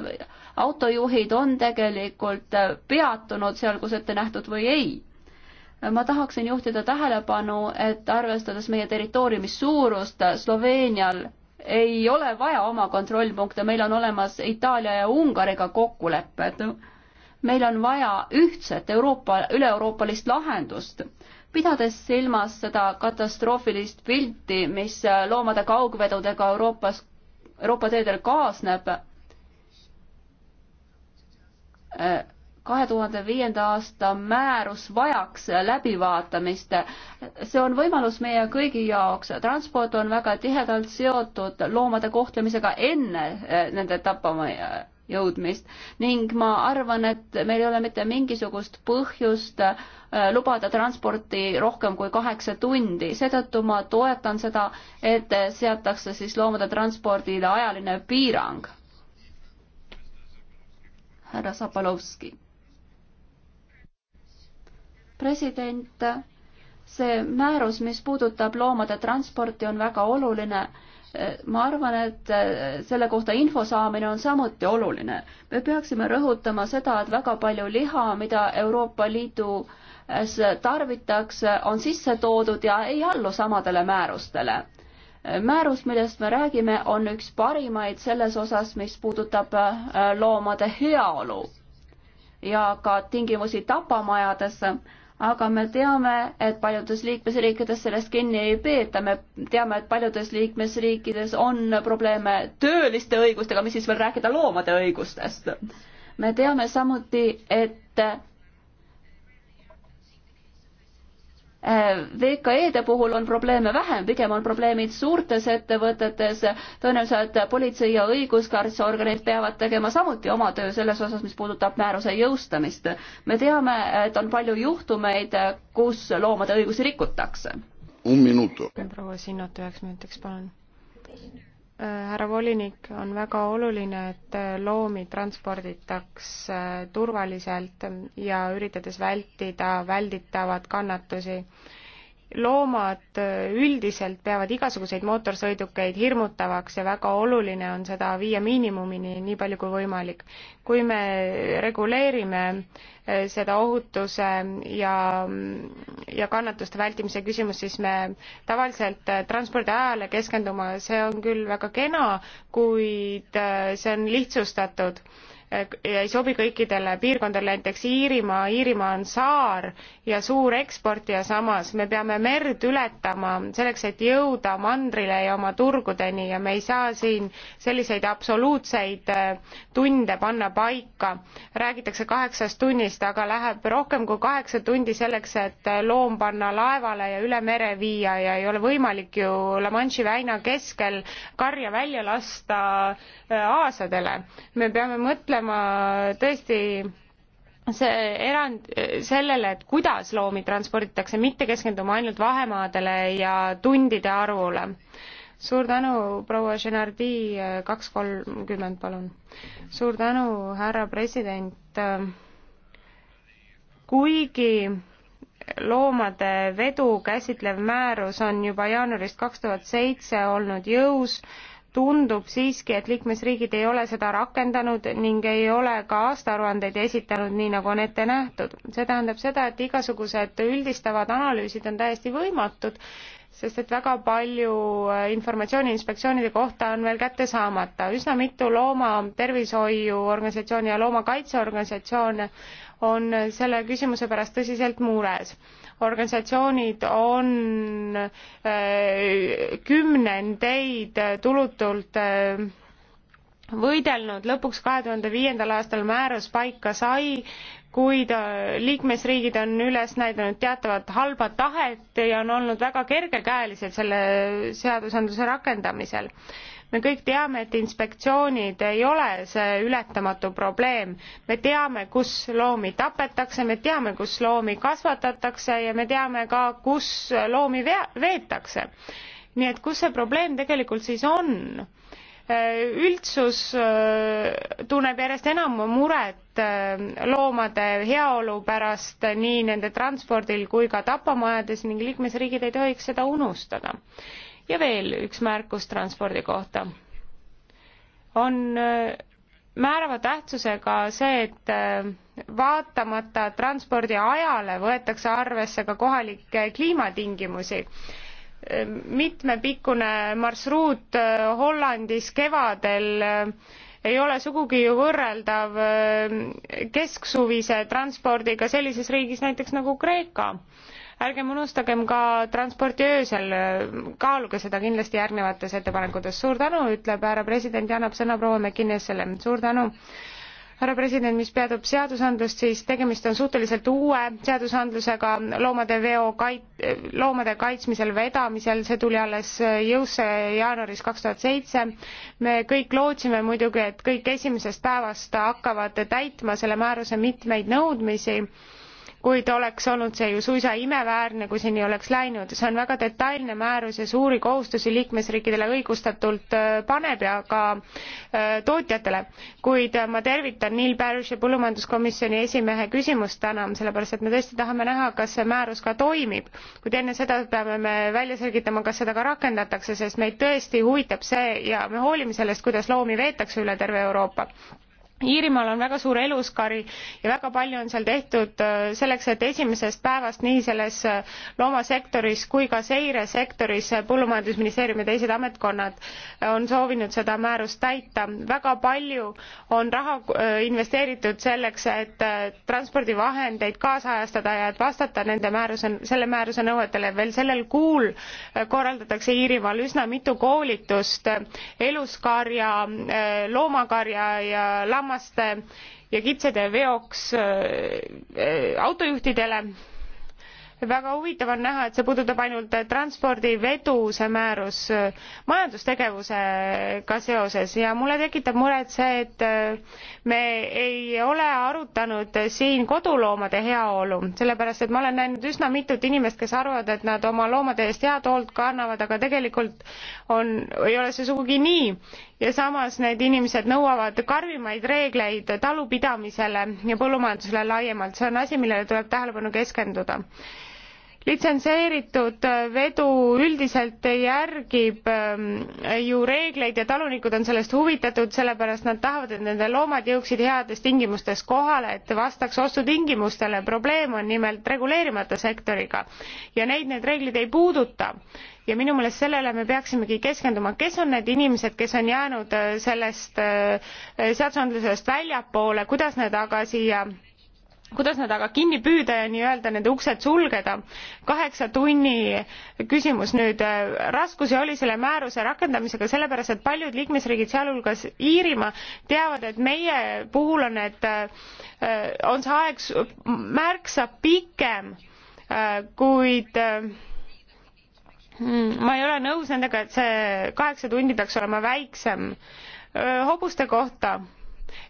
autojuhid on tegelikult peatunud seal, kus ette nähtud või ei ma tahaksin juhtida tähelepanu, et arvestades meie territooriumi suurust, Sloveenial ei ole vaja oma kontrollpunkte, meil on olemas Itaalia ja Ungariga kokkulepped. meil on vaja ühtset Euroopa, üle-euroopalist lahendust, pidades silmas seda katastroofilist pilti, mis loomade kaugvedudega Euroopas, Euroopa teedel kaasneb äh, kahe tuhande viienda aasta määrus vajaks läbivaatamist. see on võimalus meie kõigi jaoks. transport on väga tihedalt seotud loomade kohtlemisega enne eh, nende tapama jõudmist ning ma arvan, et meil ei ole mitte mingisugust põhjust eh, lubada transporti rohkem kui kaheksa tundi, seetõttu ma toetan seda, et seatakse siis loomade transpordile ajaline piirang. härra Sapolovski president, see määrus, mis puudutab loomade transporti, on väga oluline. ma arvan, et selle kohta info saamine on samuti oluline. me peaksime rõhutama seda, et väga palju liha, mida Euroopa Liidu tarvitakse, on sisse toodud ja ei allu samadele määrustele. määrus, millest me räägime, on üks parimaid selles osas, mis puudutab äh, loomade heaolu ja ka tingimusi tapamajades aga me teame, et paljudes liikmesriikides sellest kinni ei peeta, me teame, et paljudes liikmesriikides on probleeme tööliste õigustega, mis siis veel rääkida loomade õigustest. me teame samuti, et Äh, VKE-de puhul on probleeme vähem, pigem on probleemid suurtes ettevõtetes, tõenäoliselt politsei ja õiguskaitseorganid peavad tegema samuti oma töö selles osas, mis puudutab määruse jõustamist. me teame, et on palju juhtumeid, kus loomade õigusi rikutakse. proua Sinnot üheks minutiks, palun härra volinik, on väga oluline, et loomi transporditaks äh, turvaliselt ja üritades vältida välditavat kannatusi loomad äh, üldiselt peavad igasuguseid mootorsõidukeid hirmutavaks ja väga oluline on seda viia miinimumini nii palju kui võimalik. kui me reguleerime äh, seda ohutuse ja, ja kannatuste vältimise küsimust, siis me tavaliselt äh, transpordi ajale keskendume, see on küll väga kena, kuid see on lihtsustatud ja ei sobi kõikidele piirkondadele, näiteks Iirimaa, Iirimaa on saar ja suur eksportija samas, me peame merd ületama selleks, et jõuda mandrile ja oma turgudeni ja me ei saa siin selliseid absoluutseid äh, tunde panna paika. räägitakse kaheksast tunnist, aga läheb rohkem kui kaheksa tundi selleks, et äh, loom panna laevale ja üle mere viia ja ei ole võimalik ju La Manche'i väina keskel karja välja lasta äh, aasadele. me peame mõtlema olema tõesti see erand sellele, et kuidas loomi transporditakse, mitte keskenduma ainult vahemaadele ja tundide arvule. suur tänu, proua Genardi, kaks kolmkümmend, palun. suur tänu, härra president. kuigi loomade vedu käsitlev määrus on juba jaanuarist kaks tuhat seitse olnud jõus, tundub siiski, et liikmesriigid ei ole seda rakendanud ning ei ole ka aastaaruandeid esitanud nii, nagu on ette nähtud. see tähendab seda, et igasugused üldistavad analüüsid on täiesti võimatud, sest et väga palju äh, informatsiooni inspektsioonide kohta on veel kätte saamata. üsna mitu loomatervishoiuorganisatsiooni ja loomakaitseorganisatsioone on selle küsimuse pärast tõsiselt mures organisatsioonid on äh, kümnendeid tulutult äh, võidelnud, lõpuks kahe tuhande viiendal aastal määrus paika sai, kuid äh, liikmesriigid on üles näidanud teatavat halba tahet ja on olnud väga kergekäelised selle seadusandluse rakendamisel me kõik teame, et inspektsioonid ei ole see ületamatu probleem. me teame, kus loomi tapetakse, me teame, kus loomi kasvatatakse ja me teame ka, kus loomi veetakse. nii et kus see probleem tegelikult siis on? üldsus äh, tunneb järjest enam muret äh, loomade heaolu pärast nii nende transpordil kui ka tapamajades ning liikmesriigid ei tohiks seda unustada ja veel üks märkus transpordi kohta. on äh, määrava tähtsusega see, et äh, vaatamata transpordi ajale võetakse arvesse ka kohalikke kliimatingimusi äh, mitmepikkune marsruut Hollandis kevadel ei ole sugugi ju võrreldav kesksuvise transpordiga sellises riigis näiteks nagu Kreeka ärgem unustagem ka transporti öösel, kaaluge seda kindlasti järgnevates ettepanekutes. suur tänu, ütleb härra president ja annab sõna proua McInnesele. suur tänu härra president, mis peatub seadusandlust, siis tegemist on suhteliselt uue seadusandlusega loomade veo kait-, loomade kaitsmisel, vedamisel, see tuli alles jõusse jaanuaris kaks tuhat seitse. me kõik lootsime muidugi, et kõik esimesest päevast hakkavad täitma selle määruse mitmeid nõudmisi kuid oleks olnud see ju suisa imeväärne, kui see nii oleks läinud. see on väga detailne määrus ja suuri kohustusi liikmesriikidele õigustatult äh, paneb ja ka äh, tootjatele. kuid äh, ma tervitan Neil Parishi põllumajanduskomisjoni esimehe küsimust täna, sellepärast et me tõesti tahame näha, kas see määrus ka toimib. kuid enne seda peame me välja selgitama, kas seda ka rakendatakse, sest meid tõesti huvitab see ja me hoolime sellest, kuidas loomi veetakse üle terve Euroopa iirimaal on väga suur eluskari ja väga palju on seal tehtud äh, selleks et esimesest päevast nii selles äh, loomasektoris kui ka seiresektoris äh, põllumajandusministeerium ja teised ametkonnad on soovinud seda määrust täita väga palju on raha investeeritud selleks et transpordivahendeid kaasajastada ja et vastata nende määruse selle määruse nõuetele veel sellel kuul korraldatakse iirimaal üsna mitu koolitust eluskarja loomakarja ja lammas lammaste ja kitsede veoks äh, äh, autojuhtidele väga huvitav on näha, et see puudutab ainult äh, transpordivedu, see määrus äh, majandustegevusega seoses ja mulle tekitab muret see, et äh, me ei ole arutanud siin koduloomade heaolu, sellepärast et ma olen näinud üsna mitut inimest, kes arvavad, et nad oma loomade eest head hoolt kannavad, aga tegelikult on, ei ole see sugugi nii. ja samas need inimesed nõuavad karmimaid reegleid talupidamisele ja põllumajandusele laiemalt, see on asi, millele tuleb tähelepanu keskenduda litsenseeritud äh, vedu üldiselt järgib ähm, ju reegleid ja talunikud on sellest huvitatud, sellepärast nad tahavad, et nende loomad jõuaksid heades tingimustes kohale, et vastaks ostutingimustele. probleem on nimelt reguleerimata sektoriga ja neid need reeglid ei puuduta ja minu meelest sellele me peaksimegi keskenduma, kes on need inimesed, kes on jäänud äh, sellest äh, seadusandlusest väljapoole, kuidas need aga siia kuidas nad aga kinni püüda ja nii-öelda nende uksed sulgeda. kaheksa tunni küsimus nüüd, raskusi oli selle määruse rakendamisega sellepärast, et paljud liikmesriigid, sealhulgas Iirimaa, teavad, et meie puhul on need, äh, on see aeg märksa pikem, äh, kuid äh, mm, ma ei ole nõus nendega, et see kaheksa tundi peaks olema väiksem. hobuste kohta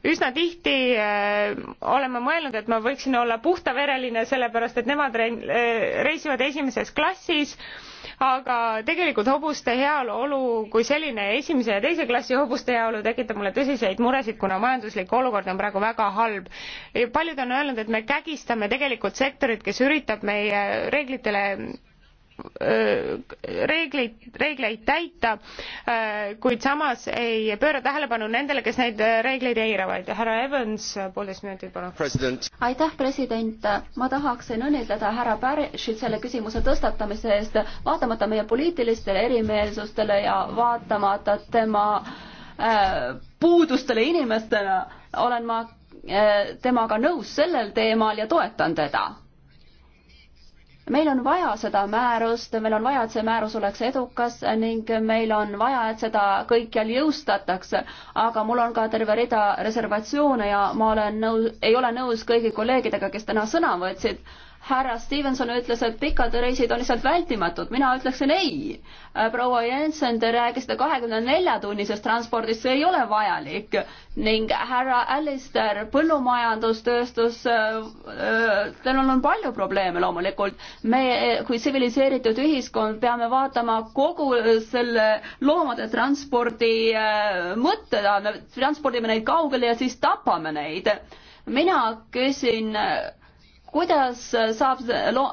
üsna tihti äh, olen ma mõelnud, et ma võiksin olla puhtavereline, sellepärast et nemad rein, äh, reisivad esimeses klassis, aga tegelikult hobuste heaolu kui selline, esimese ja teise klassi hobuste heaolu tekitab mulle tõsiseid muresid, kuna majanduslik olukord on praegu väga halb. paljud on öelnud, et me kägistame tegelikult sektorit, kes üritab meie reeglitele reegleid, reegleid täita, kuid samas ei pööra tähelepanu nendele, kes neid reegleid eiravad. härra Evans, poolteist minutit, palun. aitäh, president. ma tahaksin õnnitleda härra Päršit selle küsimuse tõstatamise eest, vaatamata meie poliitilistele erimeelsustele ja vaatamata tema äh, puudustele inimestena olen ma äh, temaga nõus sellel teemal ja toetan teda meil on vaja seda määrust, meil on vaja, et see määrus oleks edukas ning meil on vaja, et seda kõikjal jõustatakse. aga mul on ka terve rida reservatsioone ja ma olen nõus, ei ole nõus kõigi kolleegidega, kes täna sõna võtsid härra Stevenson ütles, et pikad reisid on lihtsalt vältimatud, mina ütleksin ei. Äh, proua Jensen, te rääkisite kahekümne nelja tunnisest transpordist, see ei ole vajalik ning härra Alister, põllumajandustööstus, äh, äh, teil on, on palju probleeme loomulikult. me kui tsiviliseeritud ühiskond peame vaatama kogu selle loomade transpordi mõtte, me transpordime neid kaugele ja siis tapame neid mina küsin kuidas saab,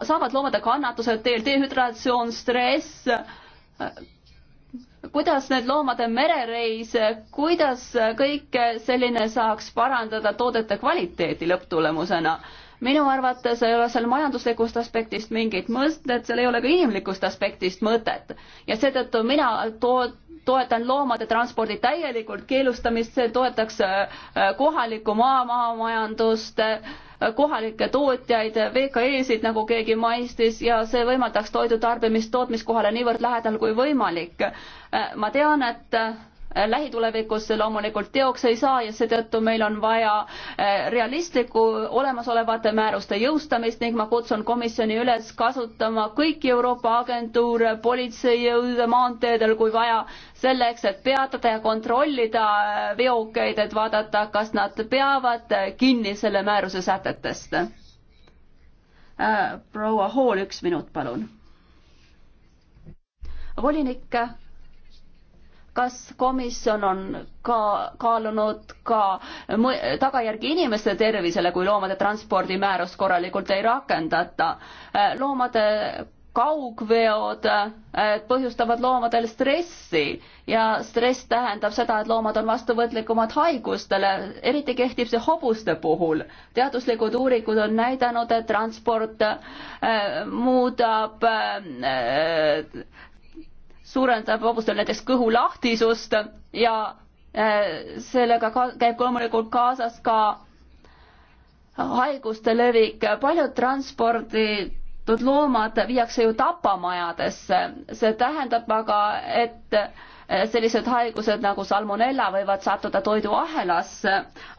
saavad loomade kannatused teel dehüdratsioon, stress, kuidas need loomade merereis, kuidas kõik selline saaks parandada toodete kvaliteeti lõpptulemusena? minu arvates ei ole seal majanduslikust aspektist mingit mõtet, seal ei ole ka inimlikust aspektist mõtet ja seetõttu mina to-, toetan loomade transpordi täielikult keelustamist, see toetaks äh, kohalikku maa, maamajandust äh,, kohalikke tootjaid, VKE-sid, nagu keegi maistis, ja see võimaldaks toidu tarbimist tootmiskohale niivõrd lähedal kui võimalik. ma tean, et Äh, lähitulevikus see loomulikult teoks ei saa ja seetõttu meil on vaja äh, realistlikku olemasolevate määruste jõustamist ning ma kutsun komisjoni üles kasutama kõiki Euroopa agentuure, politseijõude maanteedel, kui vaja, selleks, et peatada ja kontrollida äh, veokeid, et vaadata, kas nad peavad kinni selle määruse sätetest. proua Hool, üks minut, palun. volinik kas komisjon on ka kaalunud ka tagajärgi inimeste tervisele, kui loomade transpordimäärust korralikult ei rakendata? Äh, loomade kaugveod äh, põhjustavad loomadel stressi ja stress tähendab seda, et loomad on vastuvõtlikumad haigustele, eriti kehtib see hobuste puhul. teaduslikud uuringud on näidanud, et transport äh, muudab suurendab vabustel näiteks kõhu lahtisust ja äh, sellega ka, käib loomulikult kaasas ka haiguste levik, paljud transporditud loomad viiakse ju tapamajadesse, see tähendab aga, et äh, sellised haigused nagu salmonella võivad sattuda toiduahelasse.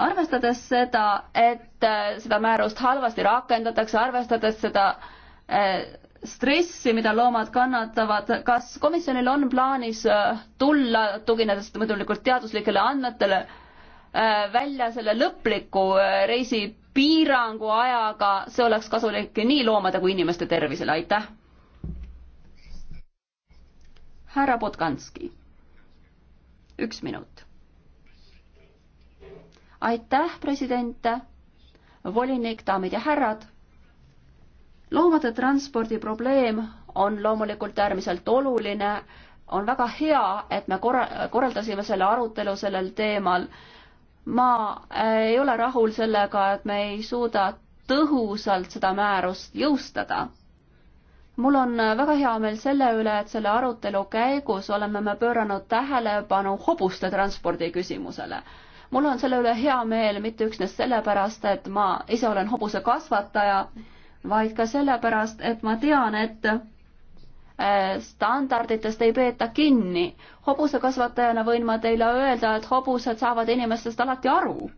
arvestades seda, et äh, seda määrust halvasti rakendatakse, arvestades seda stressi, mida loomad kannatavad, kas komisjonil on plaanis äh, tulla, tuginedes muidulikult teaduslikele andmetele, äh, välja selle lõpliku äh, reisi piirangu ajaga, see oleks kasulik nii loomade kui inimeste tervisele, aitäh. härra Potkanski, üks minut. aitäh, president, volinik, daamid ja härrad loomade transpordi probleem on loomulikult äärmiselt oluline, on väga hea, et me korra-, korraldasime selle arutelu sellel teemal. ma äh, ei ole rahul sellega, et me ei suuda tõhusalt seda määrust jõustada. mul on äh, väga hea meel selle üle, et selle arutelu käigus oleme me pööranud tähelepanu hobuste transpordi küsimusele mul on selle üle hea meel mitte üksnes sellepärast, et ma ise olen hobusekasvataja, vaid ka sellepärast, et ma tean, et eh, standarditest ei peeta kinni. hobusekasvatajana võin ma teile öelda, et hobused saavad inimestest alati aru.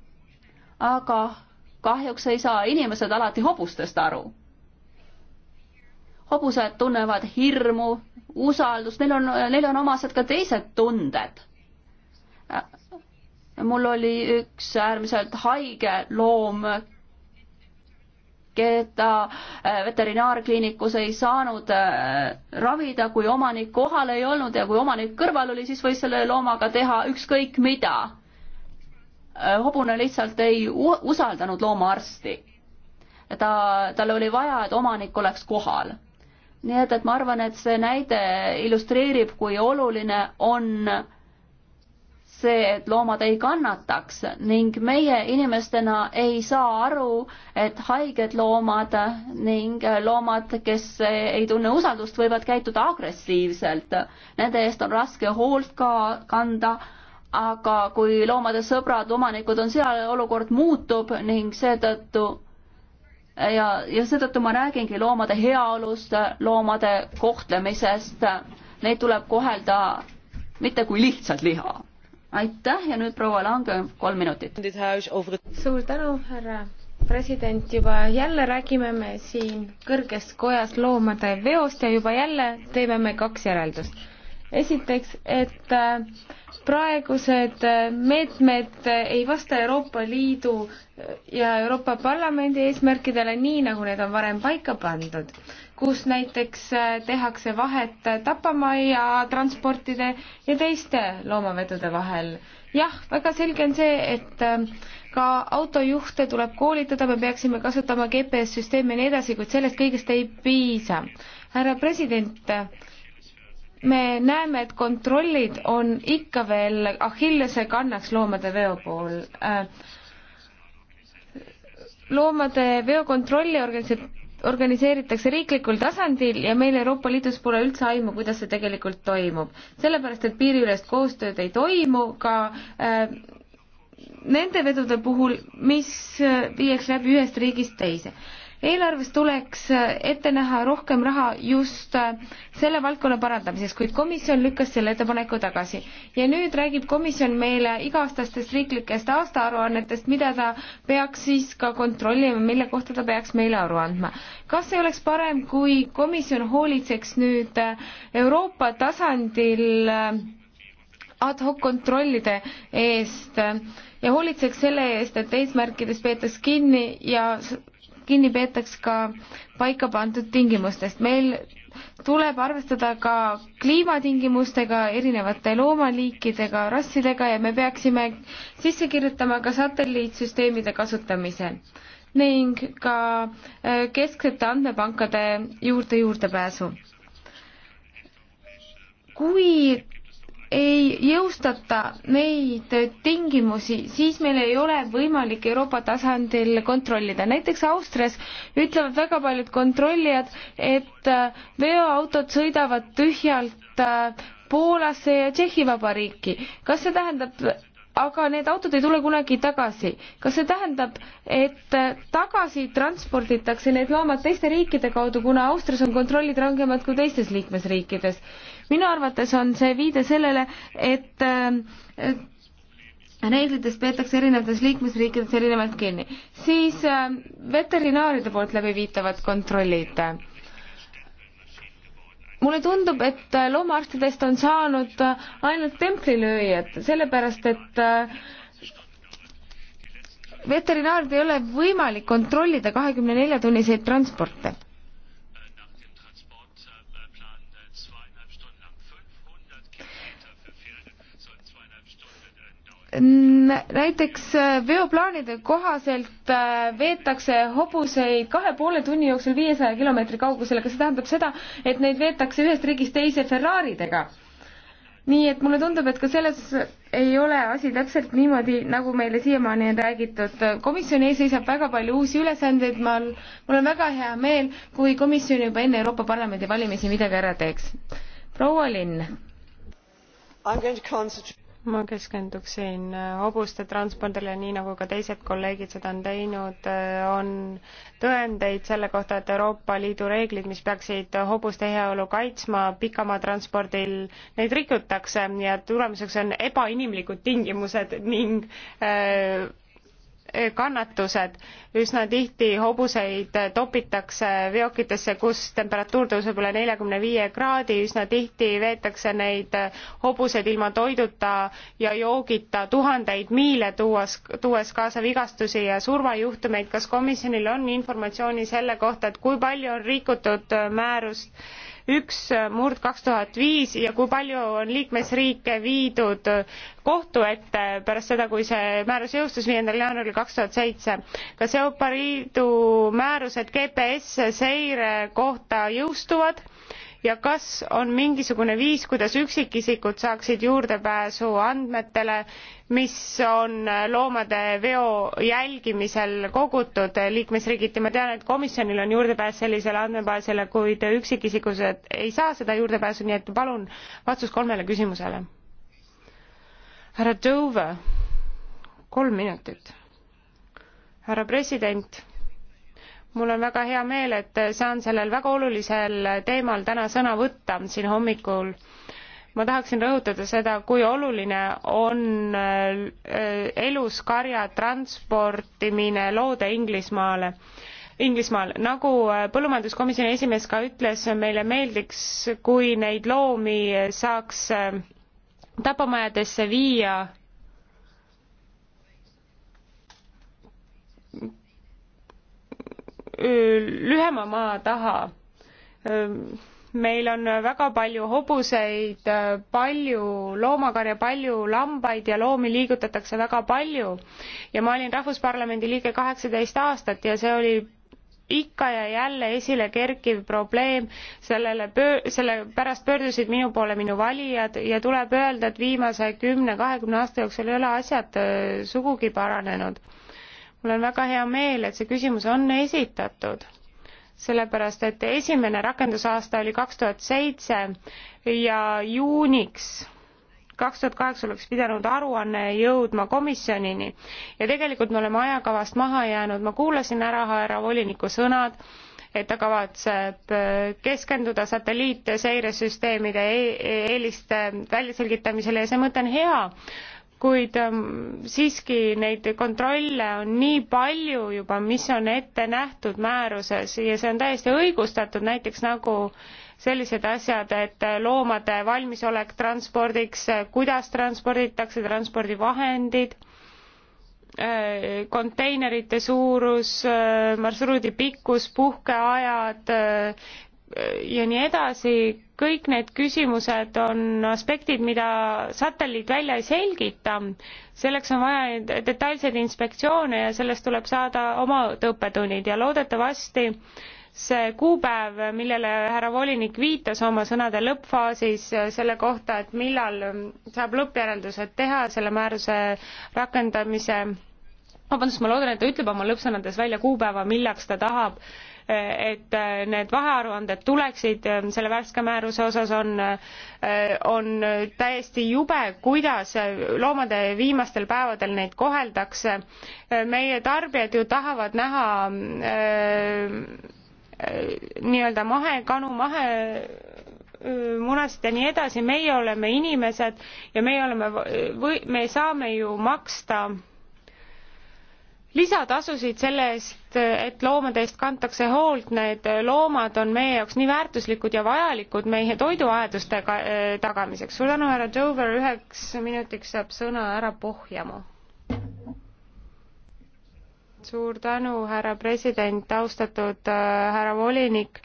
aga kahjuks ei saa inimesed alati hobustest aru. hobused tunnevad hirmu, usaldust, neil on, neil on omased ka teised tunded eh, mul oli üks äärmiselt haige loom, keda äh, veterinaarkliinikus ei saanud äh, ravida, kui omanik kohal ei olnud ja kui omanik kõrval oli, siis võis selle loomaga teha ükskõik mida. Äh, hobune lihtsalt ei usaldanud loomaarsti. ta, tal oli vaja, et omanik oleks kohal. nii et, et ma arvan, et see näide illustreerib, kui oluline on see, et loomad ei kannataks ning meie inimestena ei saa aru, et haiged loomad ning loomad, kes ei tunne usaldust, võivad käituda agressiivselt. Nende eest on raske hoolt ka kanda, aga kui loomade sõbrad, omanikud on seal, olukord muutub ning seetõttu ja, ja seetõttu ma räägingi loomade heaolust, loomade kohtlemisest, neid tuleb kohelda mitte kui lihtsalt liha aitäh ja nüüd proua Lange, kolm minutit. suur tänu, härra president, juba jälle räägime me siin kõrges kojas loomade veost ja juba jälle teeme me kaks järeldust. esiteks, et äh, praegused äh, meetmed äh, ei vasta Euroopa Liidu ja Euroopa Parlamendi eesmärkidele nii, nagu need on varem paika pandud kus näiteks äh, tehakse vahet tapamajja transportide ja teiste loomavedude vahel. jah, väga selge on see, et ähm, ka autojuhte tuleb koolitada, me peaksime kasutama GPS-süsteeme ja nii edasi, kuid sellest kõigest ei piisa. härra president, me näeme, et kontrollid on ikka veel Achillese kannaks loomade veo pool. Äh, loomade veokontrolli organiseerib organiseeritakse riiklikul tasandil ja meil Euroopa Liidus pole üldse aimu, kuidas see tegelikult toimub. sellepärast, et piiriülest koostööd ei toimu ka äh, nende vedude puhul, mis äh, viiakse läbi ühest riigist teise eelarves tuleks ette näha rohkem raha just selle valdkonna parandamiseks, kuid komisjon lükkas selle ettepaneku tagasi. ja nüüd räägib komisjon meile iga-aastastest riiklikest aastaaruannetest, mida ta peaks siis ka kontrollima, mille kohta ta peaks meile aru andma. kas ei oleks parem, kui komisjon hoolitseks nüüd Euroopa tasandil ad hoc kontrollide eest ja hoolitseks selle eest, et eesmärkidest peetaks kinni ja kinni peetaks ka paika pandud tingimustest. meil tuleb arvestada ka kliimatingimustega, erinevate loomaliikidega, rassidega ja me peaksime sisse kirjutama ka satelliitsüsteemide kasutamise ning ka äh, kesksete andmepankade juurde juurdepääsu. kui ei jõustata neid tingimusi, siis meil ei ole võimalik Euroopa tasandil kontrollida. näiteks Austrias ütlevad väga paljud kontrollijad, et äh, veoautod sõidavad tühjalt äh, Poolasse ja Tšehhi Vabariiki. kas see tähendab aga need autod ei tule kunagi tagasi. kas see tähendab, et äh, tagasi transporditakse need loomad teiste riikide kaudu, kuna Austrias on kontrollid rangemad kui teistes liikmesriikides? minu arvates on see viide sellele, et äh, reeglitest peetakse erinevates liikmesriikides erinevalt kinni. siis äh, veterinaaride poolt läbi viitavad kontrollid mulle tundub, et äh, loomaarstidest on saanud äh, ainult templilööjad, sellepärast et äh, veterinaarid ei ole võimalik kontrollida kahekümne nelja tunniseid transporte näiteks äh, veoplaanide kohaselt äh, veetakse hobuseid kahe poole tunni jooksul viiesaja kilomeetri kaugusele, kas see tähendab seda, et neid veetakse ühest riigist teise Ferraridega? nii et mulle tundub, et ka selles ei ole asi täpselt niimoodi, nagu meile siiamaani on räägitud. komisjoni ees seisab väga palju uusi ülesandeid, ma, mul on väga hea meel, kui komisjon juba enne Euroopa Parlamendi valimisi midagi ära teeks. proua Linn. I am going to concentrate ma keskenduksin äh, hobuste transpordile, nii nagu ka teised kolleegid seda on teinud, äh, on tõendeid selle kohta, et Euroopa Liidu reeglid, mis peaksid hobuste heaolu kaitsma pikamaatranspordil, neid rikutakse ja tulemuseks on ebainimlikud tingimused ning äh, kannatused. üsna tihti hobuseid topitakse veokitesse, kus temperatuur tõuseb üle neljakümne viie kraadi, üsna tihti veetakse neid hobuseid ilma toiduta ja joogita tuhandeid miile, tuues, tuues kaasa vigastusi ja surmajuhtumeid. kas komisjonil on informatsiooni selle kohta, et kui palju on rikutud määrust üks murd kaks tuhat viis ja kui palju on liikmesriike viidud kohtu ette pärast seda, kui see määrus jõustus viiendal jaanuaril kaks tuhat seitse. kas Euroopa Liidu määrused GPS seire kohta jõustuvad ja kas on mingisugune viis kuidas üksikisikud saaksid juurdepääsu andmetele mis on loomade veo jälgimisel kogutud liikmesriigiti ma tean et komisjonil on juurdepääs sellisele andmebaasile kuid üksikisikused ei saa seda juurdepääsu nii et palun vastust kolmele küsimusele härra Dove kolm minutit härra president mul on väga hea meel, et saan sellel väga olulisel teemal täna sõna võtta siin hommikul. ma tahaksin rõhutada seda, kui oluline on äh, eluskarja transportimine loode Inglismaale. Inglismaal, nagu äh, põllumajanduskomisjoni esimees ka ütles, meile meeldiks, kui neid loomi saaks äh, tapamajadesse viia lühema maa taha. meil on väga palju hobuseid, palju loomakarja, palju lambaid ja loomi liigutatakse väga palju ja ma olin Rahvusparlamendi liige kaheksateist aastat ja see oli ikka ja jälle esile kerkiv probleem, sellele pöör-, selle pärast pöördusid minu poole minu valijad ja tuleb öelda, et viimase kümne-kahekümne aasta jooksul ei ole asjad sugugi paranenud mul on väga hea meel, et see küsimus on esitatud, sellepärast et esimene rakendusaasta oli kaks tuhat seitse ja juuniks kaks tuhat kaheksa oleks pidanud aruanne jõudma komisjonini ja tegelikult me oleme ajakavast maha jäänud, ma kuulasin ära härra voliniku sõnad, et ta kavatseb keskenduda satelliitseiresüsteemide e-, e-, eeliste väljaselgitamisele ja see mõte on hea, kuid ähm, siiski neid kontrolle on nii palju juba, mis on ette nähtud määruses ja see on täiesti õigustatud, näiteks nagu sellised asjad, et loomade valmisolek transpordiks, kuidas transporditakse, transpordivahendid, äh, konteinerite suurus, äh, marsruudi pikkus, puhkeajad, äh, ja nii edasi, kõik need küsimused on aspektid, mida satelliit välja ei selgita. selleks on vaja detailseid inspektsioone ja sellest tuleb saada omad õppetunnid ja loodetavasti see kuupäev, millele härra volinik viitas oma sõnade lõppfaasis selle kohta, et millal saab lõppjäreldused teha selle määruse rakendamise vabandust, ma loodan, et ta ütleb oma lõppsõnades välja kuupäeva, millaks ta tahab et äh, need vahearuanded tuleksid, äh, selle värske määruse osas on, äh, on täiesti jube, kuidas loomade viimastel päevadel neid koheldakse. meie tarbijad ju tahavad näha nii-öelda mahekanu, mahe munast ja nii edasi, meie oleme inimesed ja meie oleme või me saame ju maksta lisatasusid selle eest, et loomade eest kantakse hoolt, need loomad on meie jaoks nii väärtuslikud ja vajalikud meie toiduaeduste eh, tagamiseks. suur tänu, härra Jover, üheks minutiks saab sõna härra Pohjamaa. suur tänu, härra president, austatud eh, härra volinik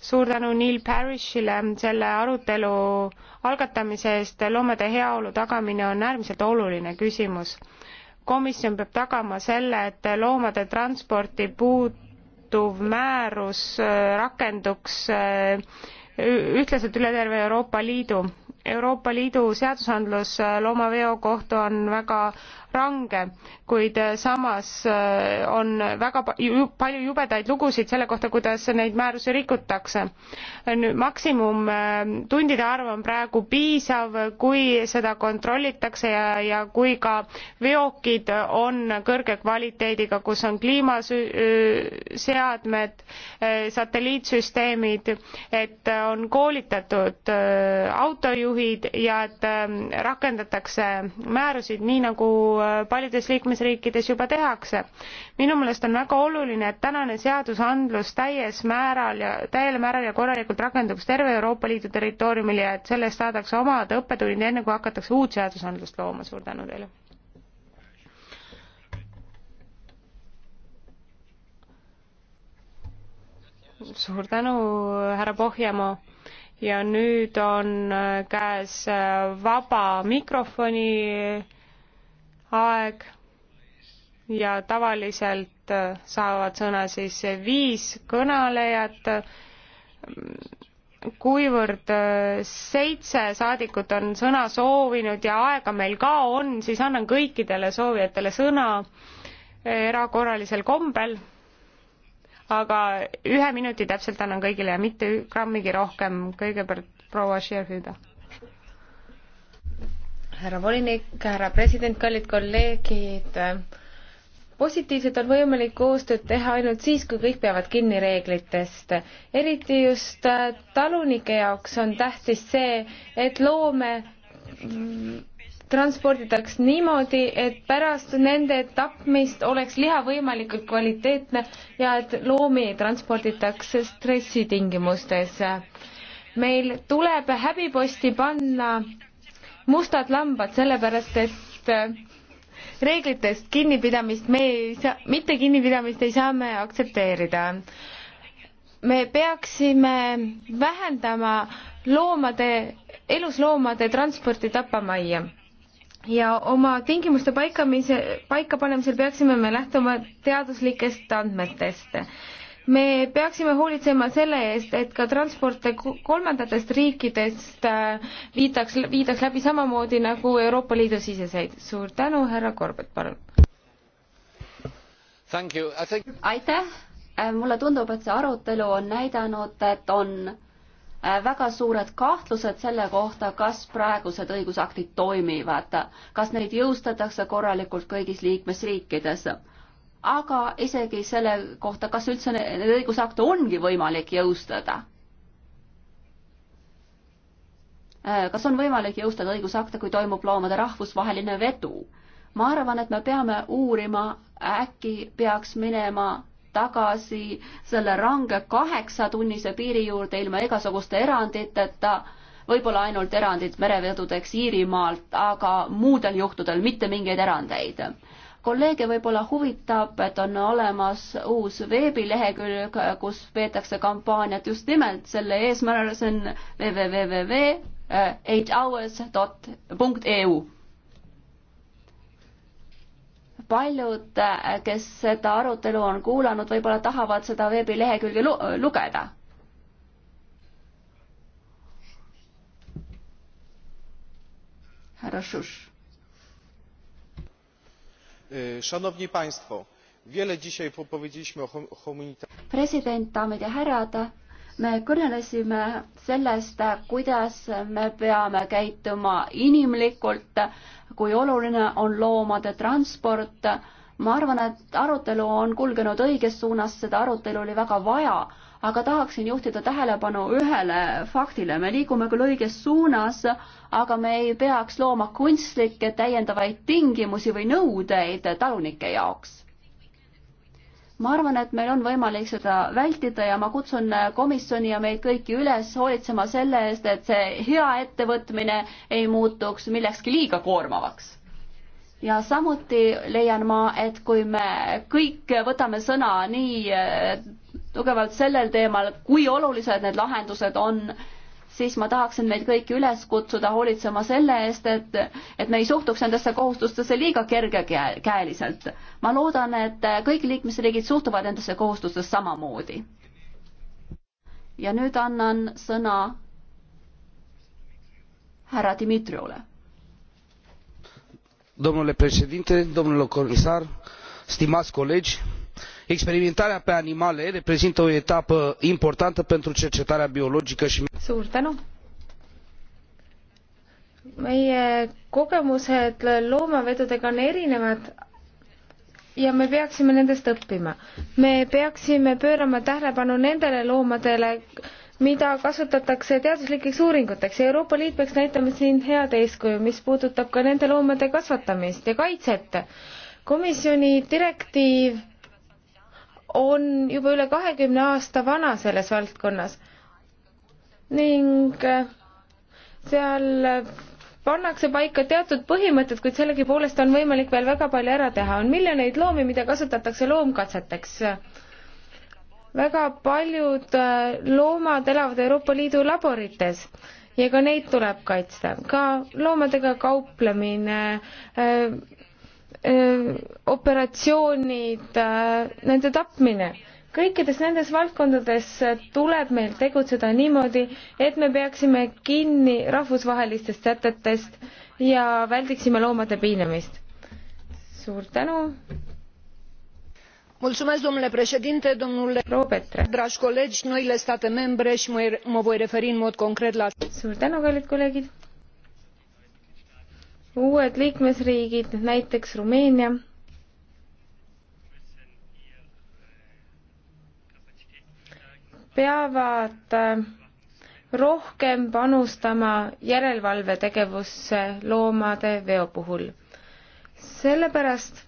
suur tänu Neil Parishile selle arutelu algatamise eest, loomade heaolu tagamine on äärmiselt oluline küsimus komisjon peab tagama selle, et loomade transporti puutuv määrus äh, rakenduks äh, ühtlaselt üle terve Euroopa Liidu Euroopa Liidu seadusandlus äh, loomaveo kohta on väga range, kuid äh, samas äh, on väga palju jubedaid lugusid selle kohta, kuidas neid määrusi rikutakse. maksimum tundide arv on praegu piisav, kui seda kontrollitakse ja, ja kui ka veokid on kõrge kvaliteediga, kus on kliimaseadmed, satelliitsüsteemid, et on koolitatud autojuhid, juhid ja et ähm, rakendatakse määrusid nii, nagu äh, paljudes liikmesriikides juba tehakse. minu meelest on väga oluline, et tänane seadusandlus täies määral ja täiel määral ja korralikult rakenduks terve Euroopa Liidu territooriumil ja et sellest saadakse omad õppetunnid, enne kui hakatakse uut seadusandlust looma. suur tänu teile! suur tänu, härra Pohjamaa! ja nüüd on äh, käes äh, vaba mikrofoni äh, aeg ja tavaliselt saavad sõna siis viis kõnelejat. Mm, kuivõrd seitse saadikut on sõna soovinud ja aega meil ka on, siis annan kõikidele soovijatele sõna erakorralisel kombel aga ühe minuti täpselt annan kõigile ja mitte grammigi rohkem, kõigepealt proua Šerfida. härra volinik, härra president, kallid kolleegid, positiivselt on võimalik koostööd teha ainult siis, kui kõik peavad kinni reeglitest. eriti just äh, talunike jaoks on tähtis see, et loome transporditaks niimoodi, et pärast nende tapmist oleks liha võimalikult kvaliteetne ja et loomi transporditaks stressitingimustes. meil tuleb häbiposti panna mustad lambad, sellepärast et reeglitest kinnipidamist me ei saa, mitte kinnipidamist ei saa me aktsepteerida. me peaksime vähendama loomade, elusloomade transporti tapamajja ja oma tingimuste paikamise, paikapanemisel peaksime me lähtuma teaduslikest andmetest me peaksime hoolitsema selle eest, et ka transporte kolmandatest riikidest äh, viidaks, viidaks läbi samamoodi nagu Euroopa Liidu siseseid. suur tänu, härra Korbet, palun. Think... aitäh, äh, mulle tundub, et see arutelu on näidanud, et on Äh, väga suured kahtlused selle kohta, kas praegused õigusaktid toimivad, kas neid jõustatakse korralikult kõigis liikmesriikides. aga isegi selle kohta, kas üldse neid õigusakte ongi võimalik jõustada. Äh, kas on võimalik jõustada õigusakte, kui toimub loomade rahvusvaheline vedu? ma arvan, et me peame uurima, äkki peaks minema tagasi selle range kaheksatunnise piiri juurde ilma igasuguste eranditeta, võib-olla ainult erandid merevedudeks Iirimaalt, aga muudel juhtudel mitte mingeid erandeid. kolleege võib-olla huvitab, et on olemas uus veebilehekülg, kus peetakse kampaaniat just nimelt selle eesmärgil, see on www.eighthours.eu paljud, äh, kes seda arutelu on kuulanud, võib-olla tahavad seda veebilehekülge lu lugeda. härra Šuš. Szanowni Państwo, wiele dzisiaj powiedzieliśmy o humanitarnym. Prezydent, daamid ja härrad me kõnelesime sellest, kuidas me peame käituma inimlikult, kui oluline on loomade transport. ma arvan, et arutelu on kulgenud õiges suunas, seda arutelu oli väga vaja, aga tahaksin juhtida tähelepanu ühele faktile. me liigume küll õiges suunas, aga me ei peaks looma kunstlikke täiendavaid tingimusi või nõudeid talunike jaoks ma arvan, et meil on võimalik seda vältida ja ma kutsun komisjoni ja meid kõiki üles hoolitsema selle eest, et see hea ettevõtmine ei muutuks millekski liiga koormavaks. ja samuti leian ma, et kui me kõik võtame sõna nii eh, tugevalt sellel teemal, kui olulised need lahendused on, siis ma tahaksin meid kõiki üles kutsuda hoolitsema selle eest, et, et me ei suhtuks nendesse kohustustesse liiga kergekäeliselt. ma loodan, et kõik liikmesriigid suhtuvad nendesse kohustustesse samamoodi. ja nüüd annan sõna härra Dmitriule. domnule presidente, domnule komissar, stimați colegi experimentarea pe animale reprezintă o etapă importantă pentru cercetarea biologică și suur tänu meie kogemused loomavedudega on erinevad ja me peaksime nendest õppima. me peaksime pöörama tähelepanu nendele loomadele, mida kasutatakse teaduslikeks uuringuteks ja Euroopa Liit peaks näitama siin head eeskuju, mis puudutab ka nende loomade kasvatamist ja kaitset. komisjoni direktiiv on juba üle kahekümne aasta vana selles valdkonnas ning äh, seal pannakse paika teatud põhimõtted, kuid sellegipoolest on võimalik veel väga palju ära teha. on miljoneid loomi, mida kasutatakse loomkatseteks. väga paljud äh, loomad elavad Euroopa Liidu laborites ja ka neid tuleb kaitsta. ka loomadega kauplemine äh,, operatsioonid, äh, nende tapmine. kõikides nendes valdkondades äh, tuleb meil tegutseda niimoodi, et me peaksime kinni rahvusvahelistest sätetest ja väldiksime loomade piinamist. suur tänu. Mulțumesc, domnule președinte, domnule Robetre. dragi colegi, noile state membre și mă voi referi în mod concret la... Suur tänu, kallid kolleegid! uued liikmesriigid, näiteks Rumeenia, peavad äh, rohkem panustama järelevalvetegevusse loomade veo puhul. sellepärast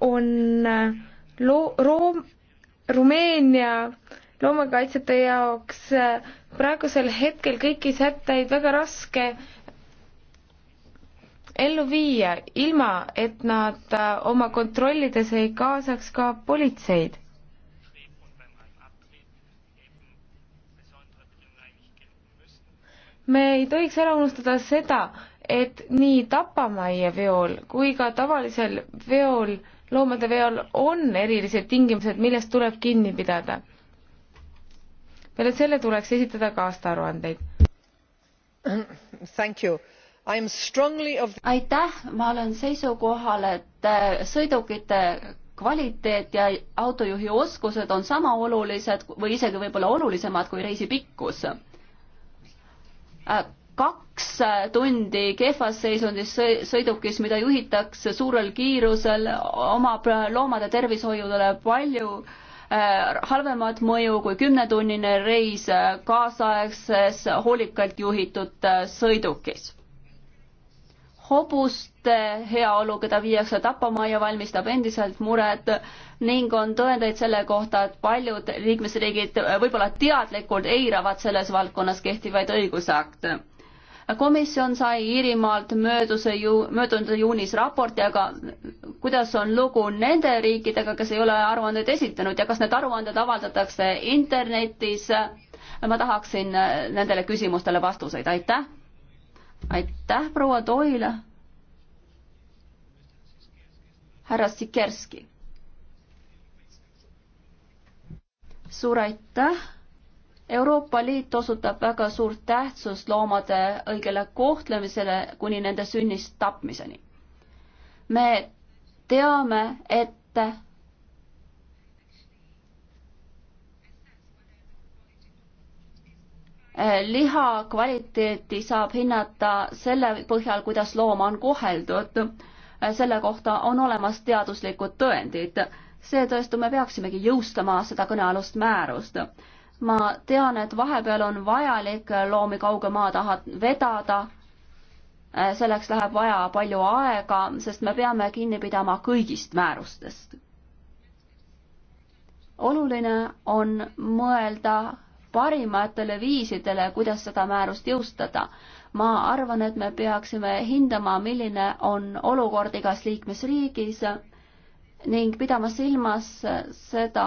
on äh, loo-, room-, Rumeenia loomakaitsjate jaoks äh, praegusel hetkel kõiki sätteid väga raske ellu viia, ilma et nad äh, oma kontrollides ei kaasaks ka politseid. me ei tohiks ära unustada seda, et nii tapamajja veol kui ka tavalisel veol, loomade veol on erilised tingimused, millest tuleb kinni pidada. peale selle tuleks esitada ka aastaaruandeid. Thank you aitäh, ma olen seisukohal, et äh, sõidukite kvaliteet ja autojuhi oskused on sama olulised või isegi võib-olla olulisemad kui reisi pikkus. Äh, kaks äh, tundi kehvas seisundis sõidukis, mida juhitakse suurel kiirusel, omab loomade tervishoiule palju halvemat mõju kui kümnetunnine reis kaasaegses hoolikalt juhitud sõidukis hobuste heaolu, keda viiakse tapamajja, valmistab endiselt muret ning on tõendeid selle kohta, et paljud liikmesriigid võib-olla teadlikult eiravad selles valdkonnas kehtivaid õigusakte. komisjon sai Iirimaalt mööduse ju-, möödunud juunis raporti, aga kuidas on lugu nende riikidega, kes ei ole aruandeid esitanud ja kas need aruanded avaldatakse internetis? ma tahaksin nendele küsimustele vastuseid, aitäh! aitäh, proua Toila. härra Sikerski. suur aitäh. Euroopa Liit osutab väga suurt tähtsust loomade õigele kohtlemisele kuni nende sünnist tapmiseni. me teame, et Eh, liha kvaliteeti saab hinnata selle põhjal, kuidas looma on koheldud. Eh, selle kohta on olemas teaduslikud tõendid. seetõttu me peaksimegi jõustama seda kõnealust määrust. ma tean, et vahepeal on vajalik loomi kauge maa taha vedada. Eh, selleks läheb vaja palju aega, sest me peame kinni pidama kõigist määrustest. oluline on mõelda parimatele viisidele, kuidas seda määrust jõustada. ma arvan, et me peaksime hindama, milline on olukord igas liikmesriigis ning pidama silmas seda,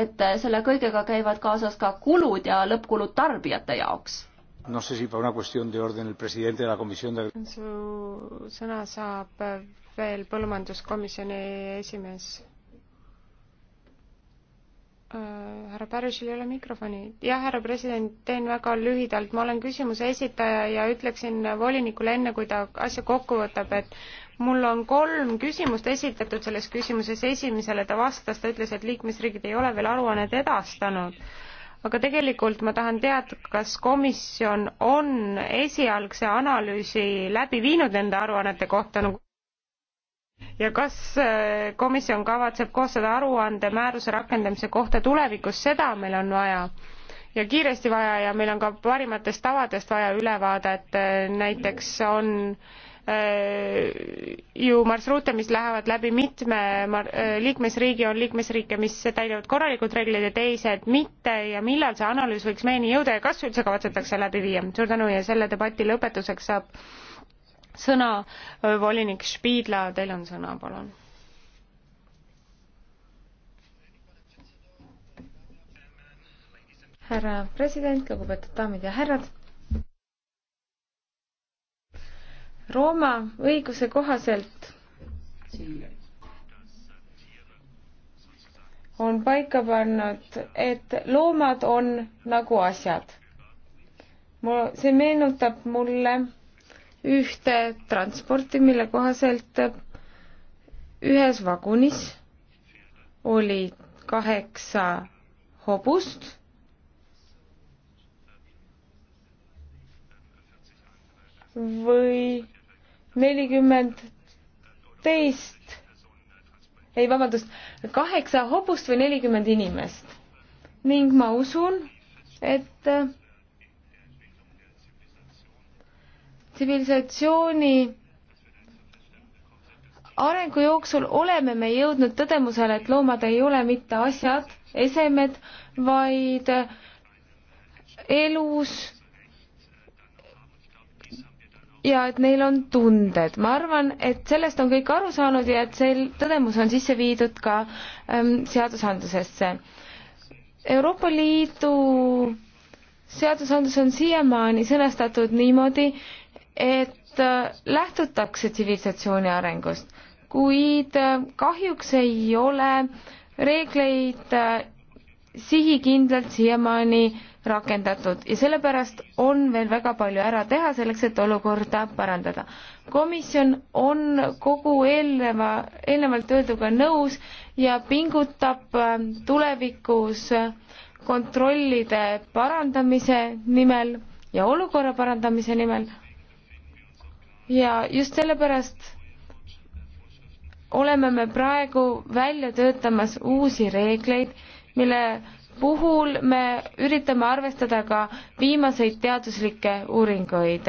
et selle kõigega käivad kaasas ka kulud ja lõppkulud tarbijate jaoks. No sé si por una cuestión de orden el presidente de la comisión de... Su sõna saab veel põllumajanduskomisjoni esimees Äh, härra Pärusil ei ole mikrofoni. jah, härra president, teen väga lühidalt, ma olen küsimuse esitaja ja ütleksin volinikule enne, kui ta asja kokku võtab, et mul on kolm küsimust esitatud selles küsimuses, esimesele ta vastas, ta ütles, et liikmesriigid ei ole veel aruannet edastanud. aga tegelikult ma tahan teada, kas komisjon on esialgse analüüsi läbi viinud nende aruannete kohta nagu ja kas äh, komisjon kavatseb koostada aruande määruse rakendamise kohta tulevikus, seda meil on vaja ja kiiresti vaja ja meil on ka parimatest tavadest vaja ülevaadet, äh, näiteks on äh, ju marsruute, mis lähevad läbi mitme mar-, äh, liikmesriigi, on liikmesriike, mis täidavad korralikult reegleid ja teised mitte ja millal see analüüs võiks meieni jõuda ja kas üldse kavatsetakse läbi viia? suur tänu ja selle debati lõpetuseks saab sõna. volinik Spiidla, teil on sõna, palun. härra president, lugupeetud daamid ja härrad. Rooma õiguse kohaselt on paika pannud, et loomad on nagu asjad. mu, see meenutab mulle ühte transporti, mille kohaselt ühes vagunis oli kaheksa hobust või nelikümmend teist, ei vabandust, kaheksa hobust või nelikümmend inimest. ning ma usun, et tsivilisatsiooni arengu jooksul oleme me jõudnud tõdemusele, et loomad ei ole mitte asjad, esemed, vaid elus ja et neil on tunded. ma arvan, et sellest on kõik aru saanud ja et see tõdemus on sisse viidud ka ähm, seadusandlusesse. Euroopa Liidu seadusandlus on siiamaani sõnastatud niimoodi, et äh, lähtutakse tsivilisatsiooni arengust, kuid äh, kahjuks ei ole reegleid äh, sihikindlalt siiamaani rakendatud ja sellepärast on veel väga palju ära teha selleks, et olukorda parandada. komisjon on kogu eelneva, eelnevalt öelduga nõus ja pingutab tulevikus kontrollide parandamise nimel ja olukorra parandamise nimel, ja just sellepärast oleme me praegu välja töötamas uusi reegleid, mille puhul me üritame arvestada ka viimaseid teaduslikke uuringuid.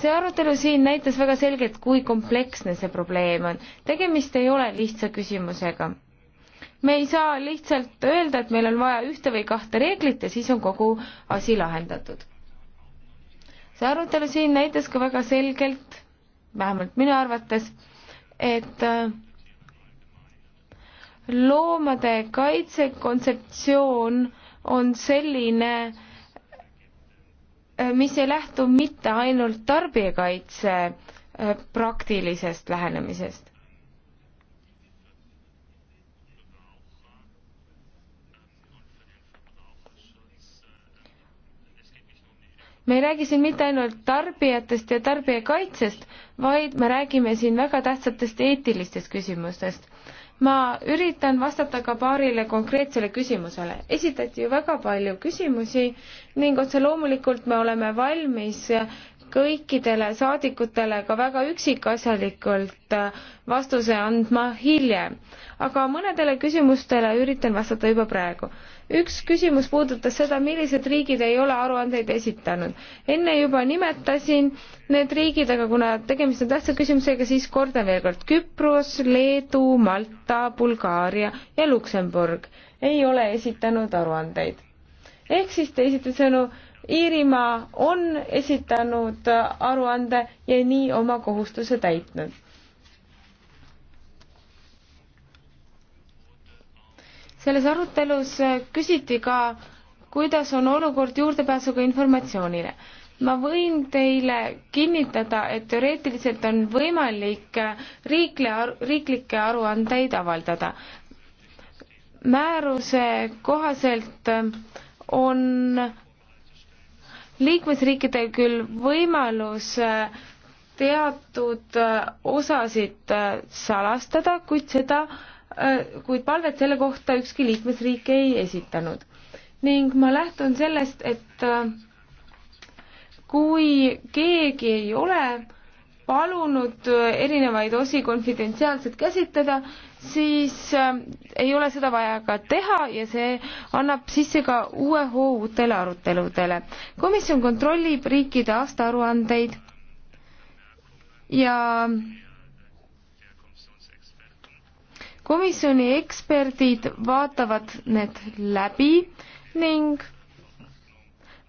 see arutelu siin näitas väga selgelt, kui kompleksne see probleem on. tegemist ei ole lihtsa küsimusega. me ei saa lihtsalt öelda, et meil on vaja ühte või kahte reeglit ja siis on kogu asi lahendatud see arutelu siin näitas ka väga selgelt, vähemalt minu arvates, et äh, loomade kaitse kontseptsioon on selline, äh, mis ei lähtu mitte ainult tarbijakaitse äh, praktilisest lähenemisest. me ei räägi siin mitte ainult tarbijatest ja tarbijakaitsest, vaid me räägime siin väga tähtsatest eetilistest küsimustest. ma üritan vastata ka paarile konkreetsele küsimusele. esitati ju väga palju küsimusi ning otse loomulikult me oleme valmis kõikidele saadikutele ka väga üksikasjalikult äh, vastuse andma hiljem. aga mõnedele küsimustele üritan vastata juba praegu. üks küsimus puudutas seda, millised riigid ei ole aruandeid esitanud. enne juba nimetasin need riigid, aga kuna tegemist on tähtsa küsimusega, siis kordan veel kord. Küpros, Leedu, Malta, Bulgaaria ja Luksemburg ei ole esitanud aruandeid. ehk siis teisisõnu, Iirimaa on esitanud aruande ja nii oma kohustuse täitnud. selles arutelus küsiti ka, kuidas on olukord juurdepääsuga informatsioonile. ma võin teile kinnitada, et teoreetiliselt on võimalik riikle, riiklikke aruandeid avaldada. määruse kohaselt on liikmesriikidel küll võimalus äh, teatud äh, osasid äh, salastada, kuid seda, kuid palvet selle kohta ükski liikmesriik ei esitanud. ning ma lähtun sellest, et kui keegi ei ole palunud erinevaid osi konfidentsiaalselt käsitleda, siis ähm, ei ole seda vaja ka teha ja see annab sisse ka uue hoo uutele aruteludele. komisjon kontrollib riikide aastaaruandeid ja komisjoni eksperdid vaatavad need läbi ning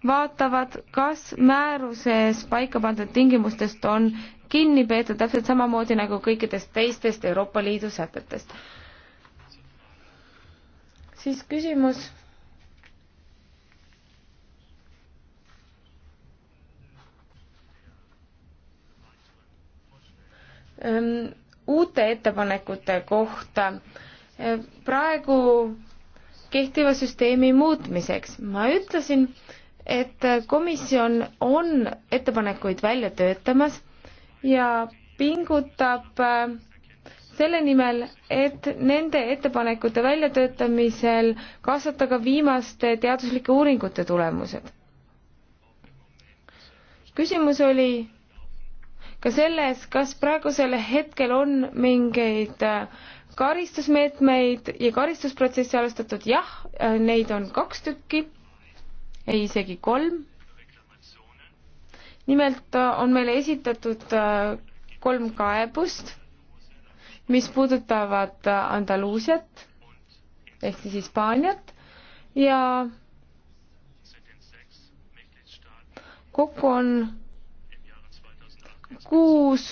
vaatavad, kas määruses paika pandud tingimustest on kinni peetud, täpselt samamoodi nagu kõikidest teistest Euroopa Liidu sätetest. siis küsimus. Ehm, uute ettepanekute kohta. Ehm, praegu kehtiva süsteemi muutmiseks ma ütlesin, et komisjon on ettepanekuid välja töötamas ja pingutab äh, selle nimel, et nende ettepanekute väljatöötamisel kaasata ka viimaste teaduslike uuringute tulemused. küsimus oli ka selles, kas praegusel hetkel on mingeid äh, karistusmeetmeid ja karistusprotsessi alustatud, jah, äh, neid on kaks tükki, ei isegi kolm nimelt äh, on meile esitatud äh, kolm kaebust, mis puudutavad äh, Andaluusiat ehk siis Hispaaniat ja kokku on kuus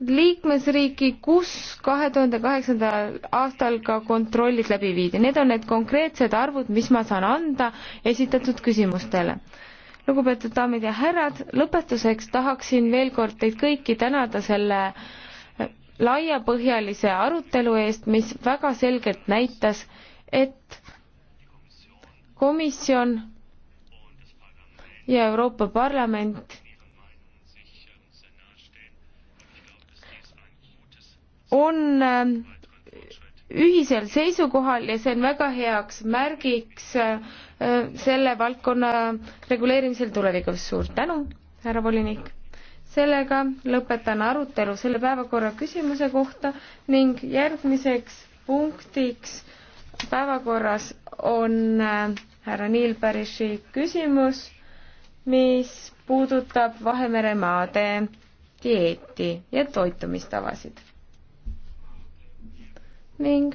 liikmesriiki, kus kahe tuhande kaheksandal aastal ka kontrollid läbi viidi. Need on need konkreetsed arvud, mis ma saan anda esitatud küsimustele lugupeetud daamid ja härrad, lõpetuseks tahaksin veel kord teid kõiki tänada selle eh, laiapõhjalise arutelu eest, mis väga selgelt näitas, et komisjon ja Euroopa Parlament on eh, ühisel seisukohal ja see on väga heaks märgiks äh, selle valdkonna reguleerimisel tulevikus. suur tänu, härra volinik! sellega lõpetan arutelu selle päevakorra küsimuse kohta ning järgmiseks punktiks päevakorras on äh, härra Neil Parishi küsimus, mis puudutab Vahemere maade dieeti ja toitumistavasid ning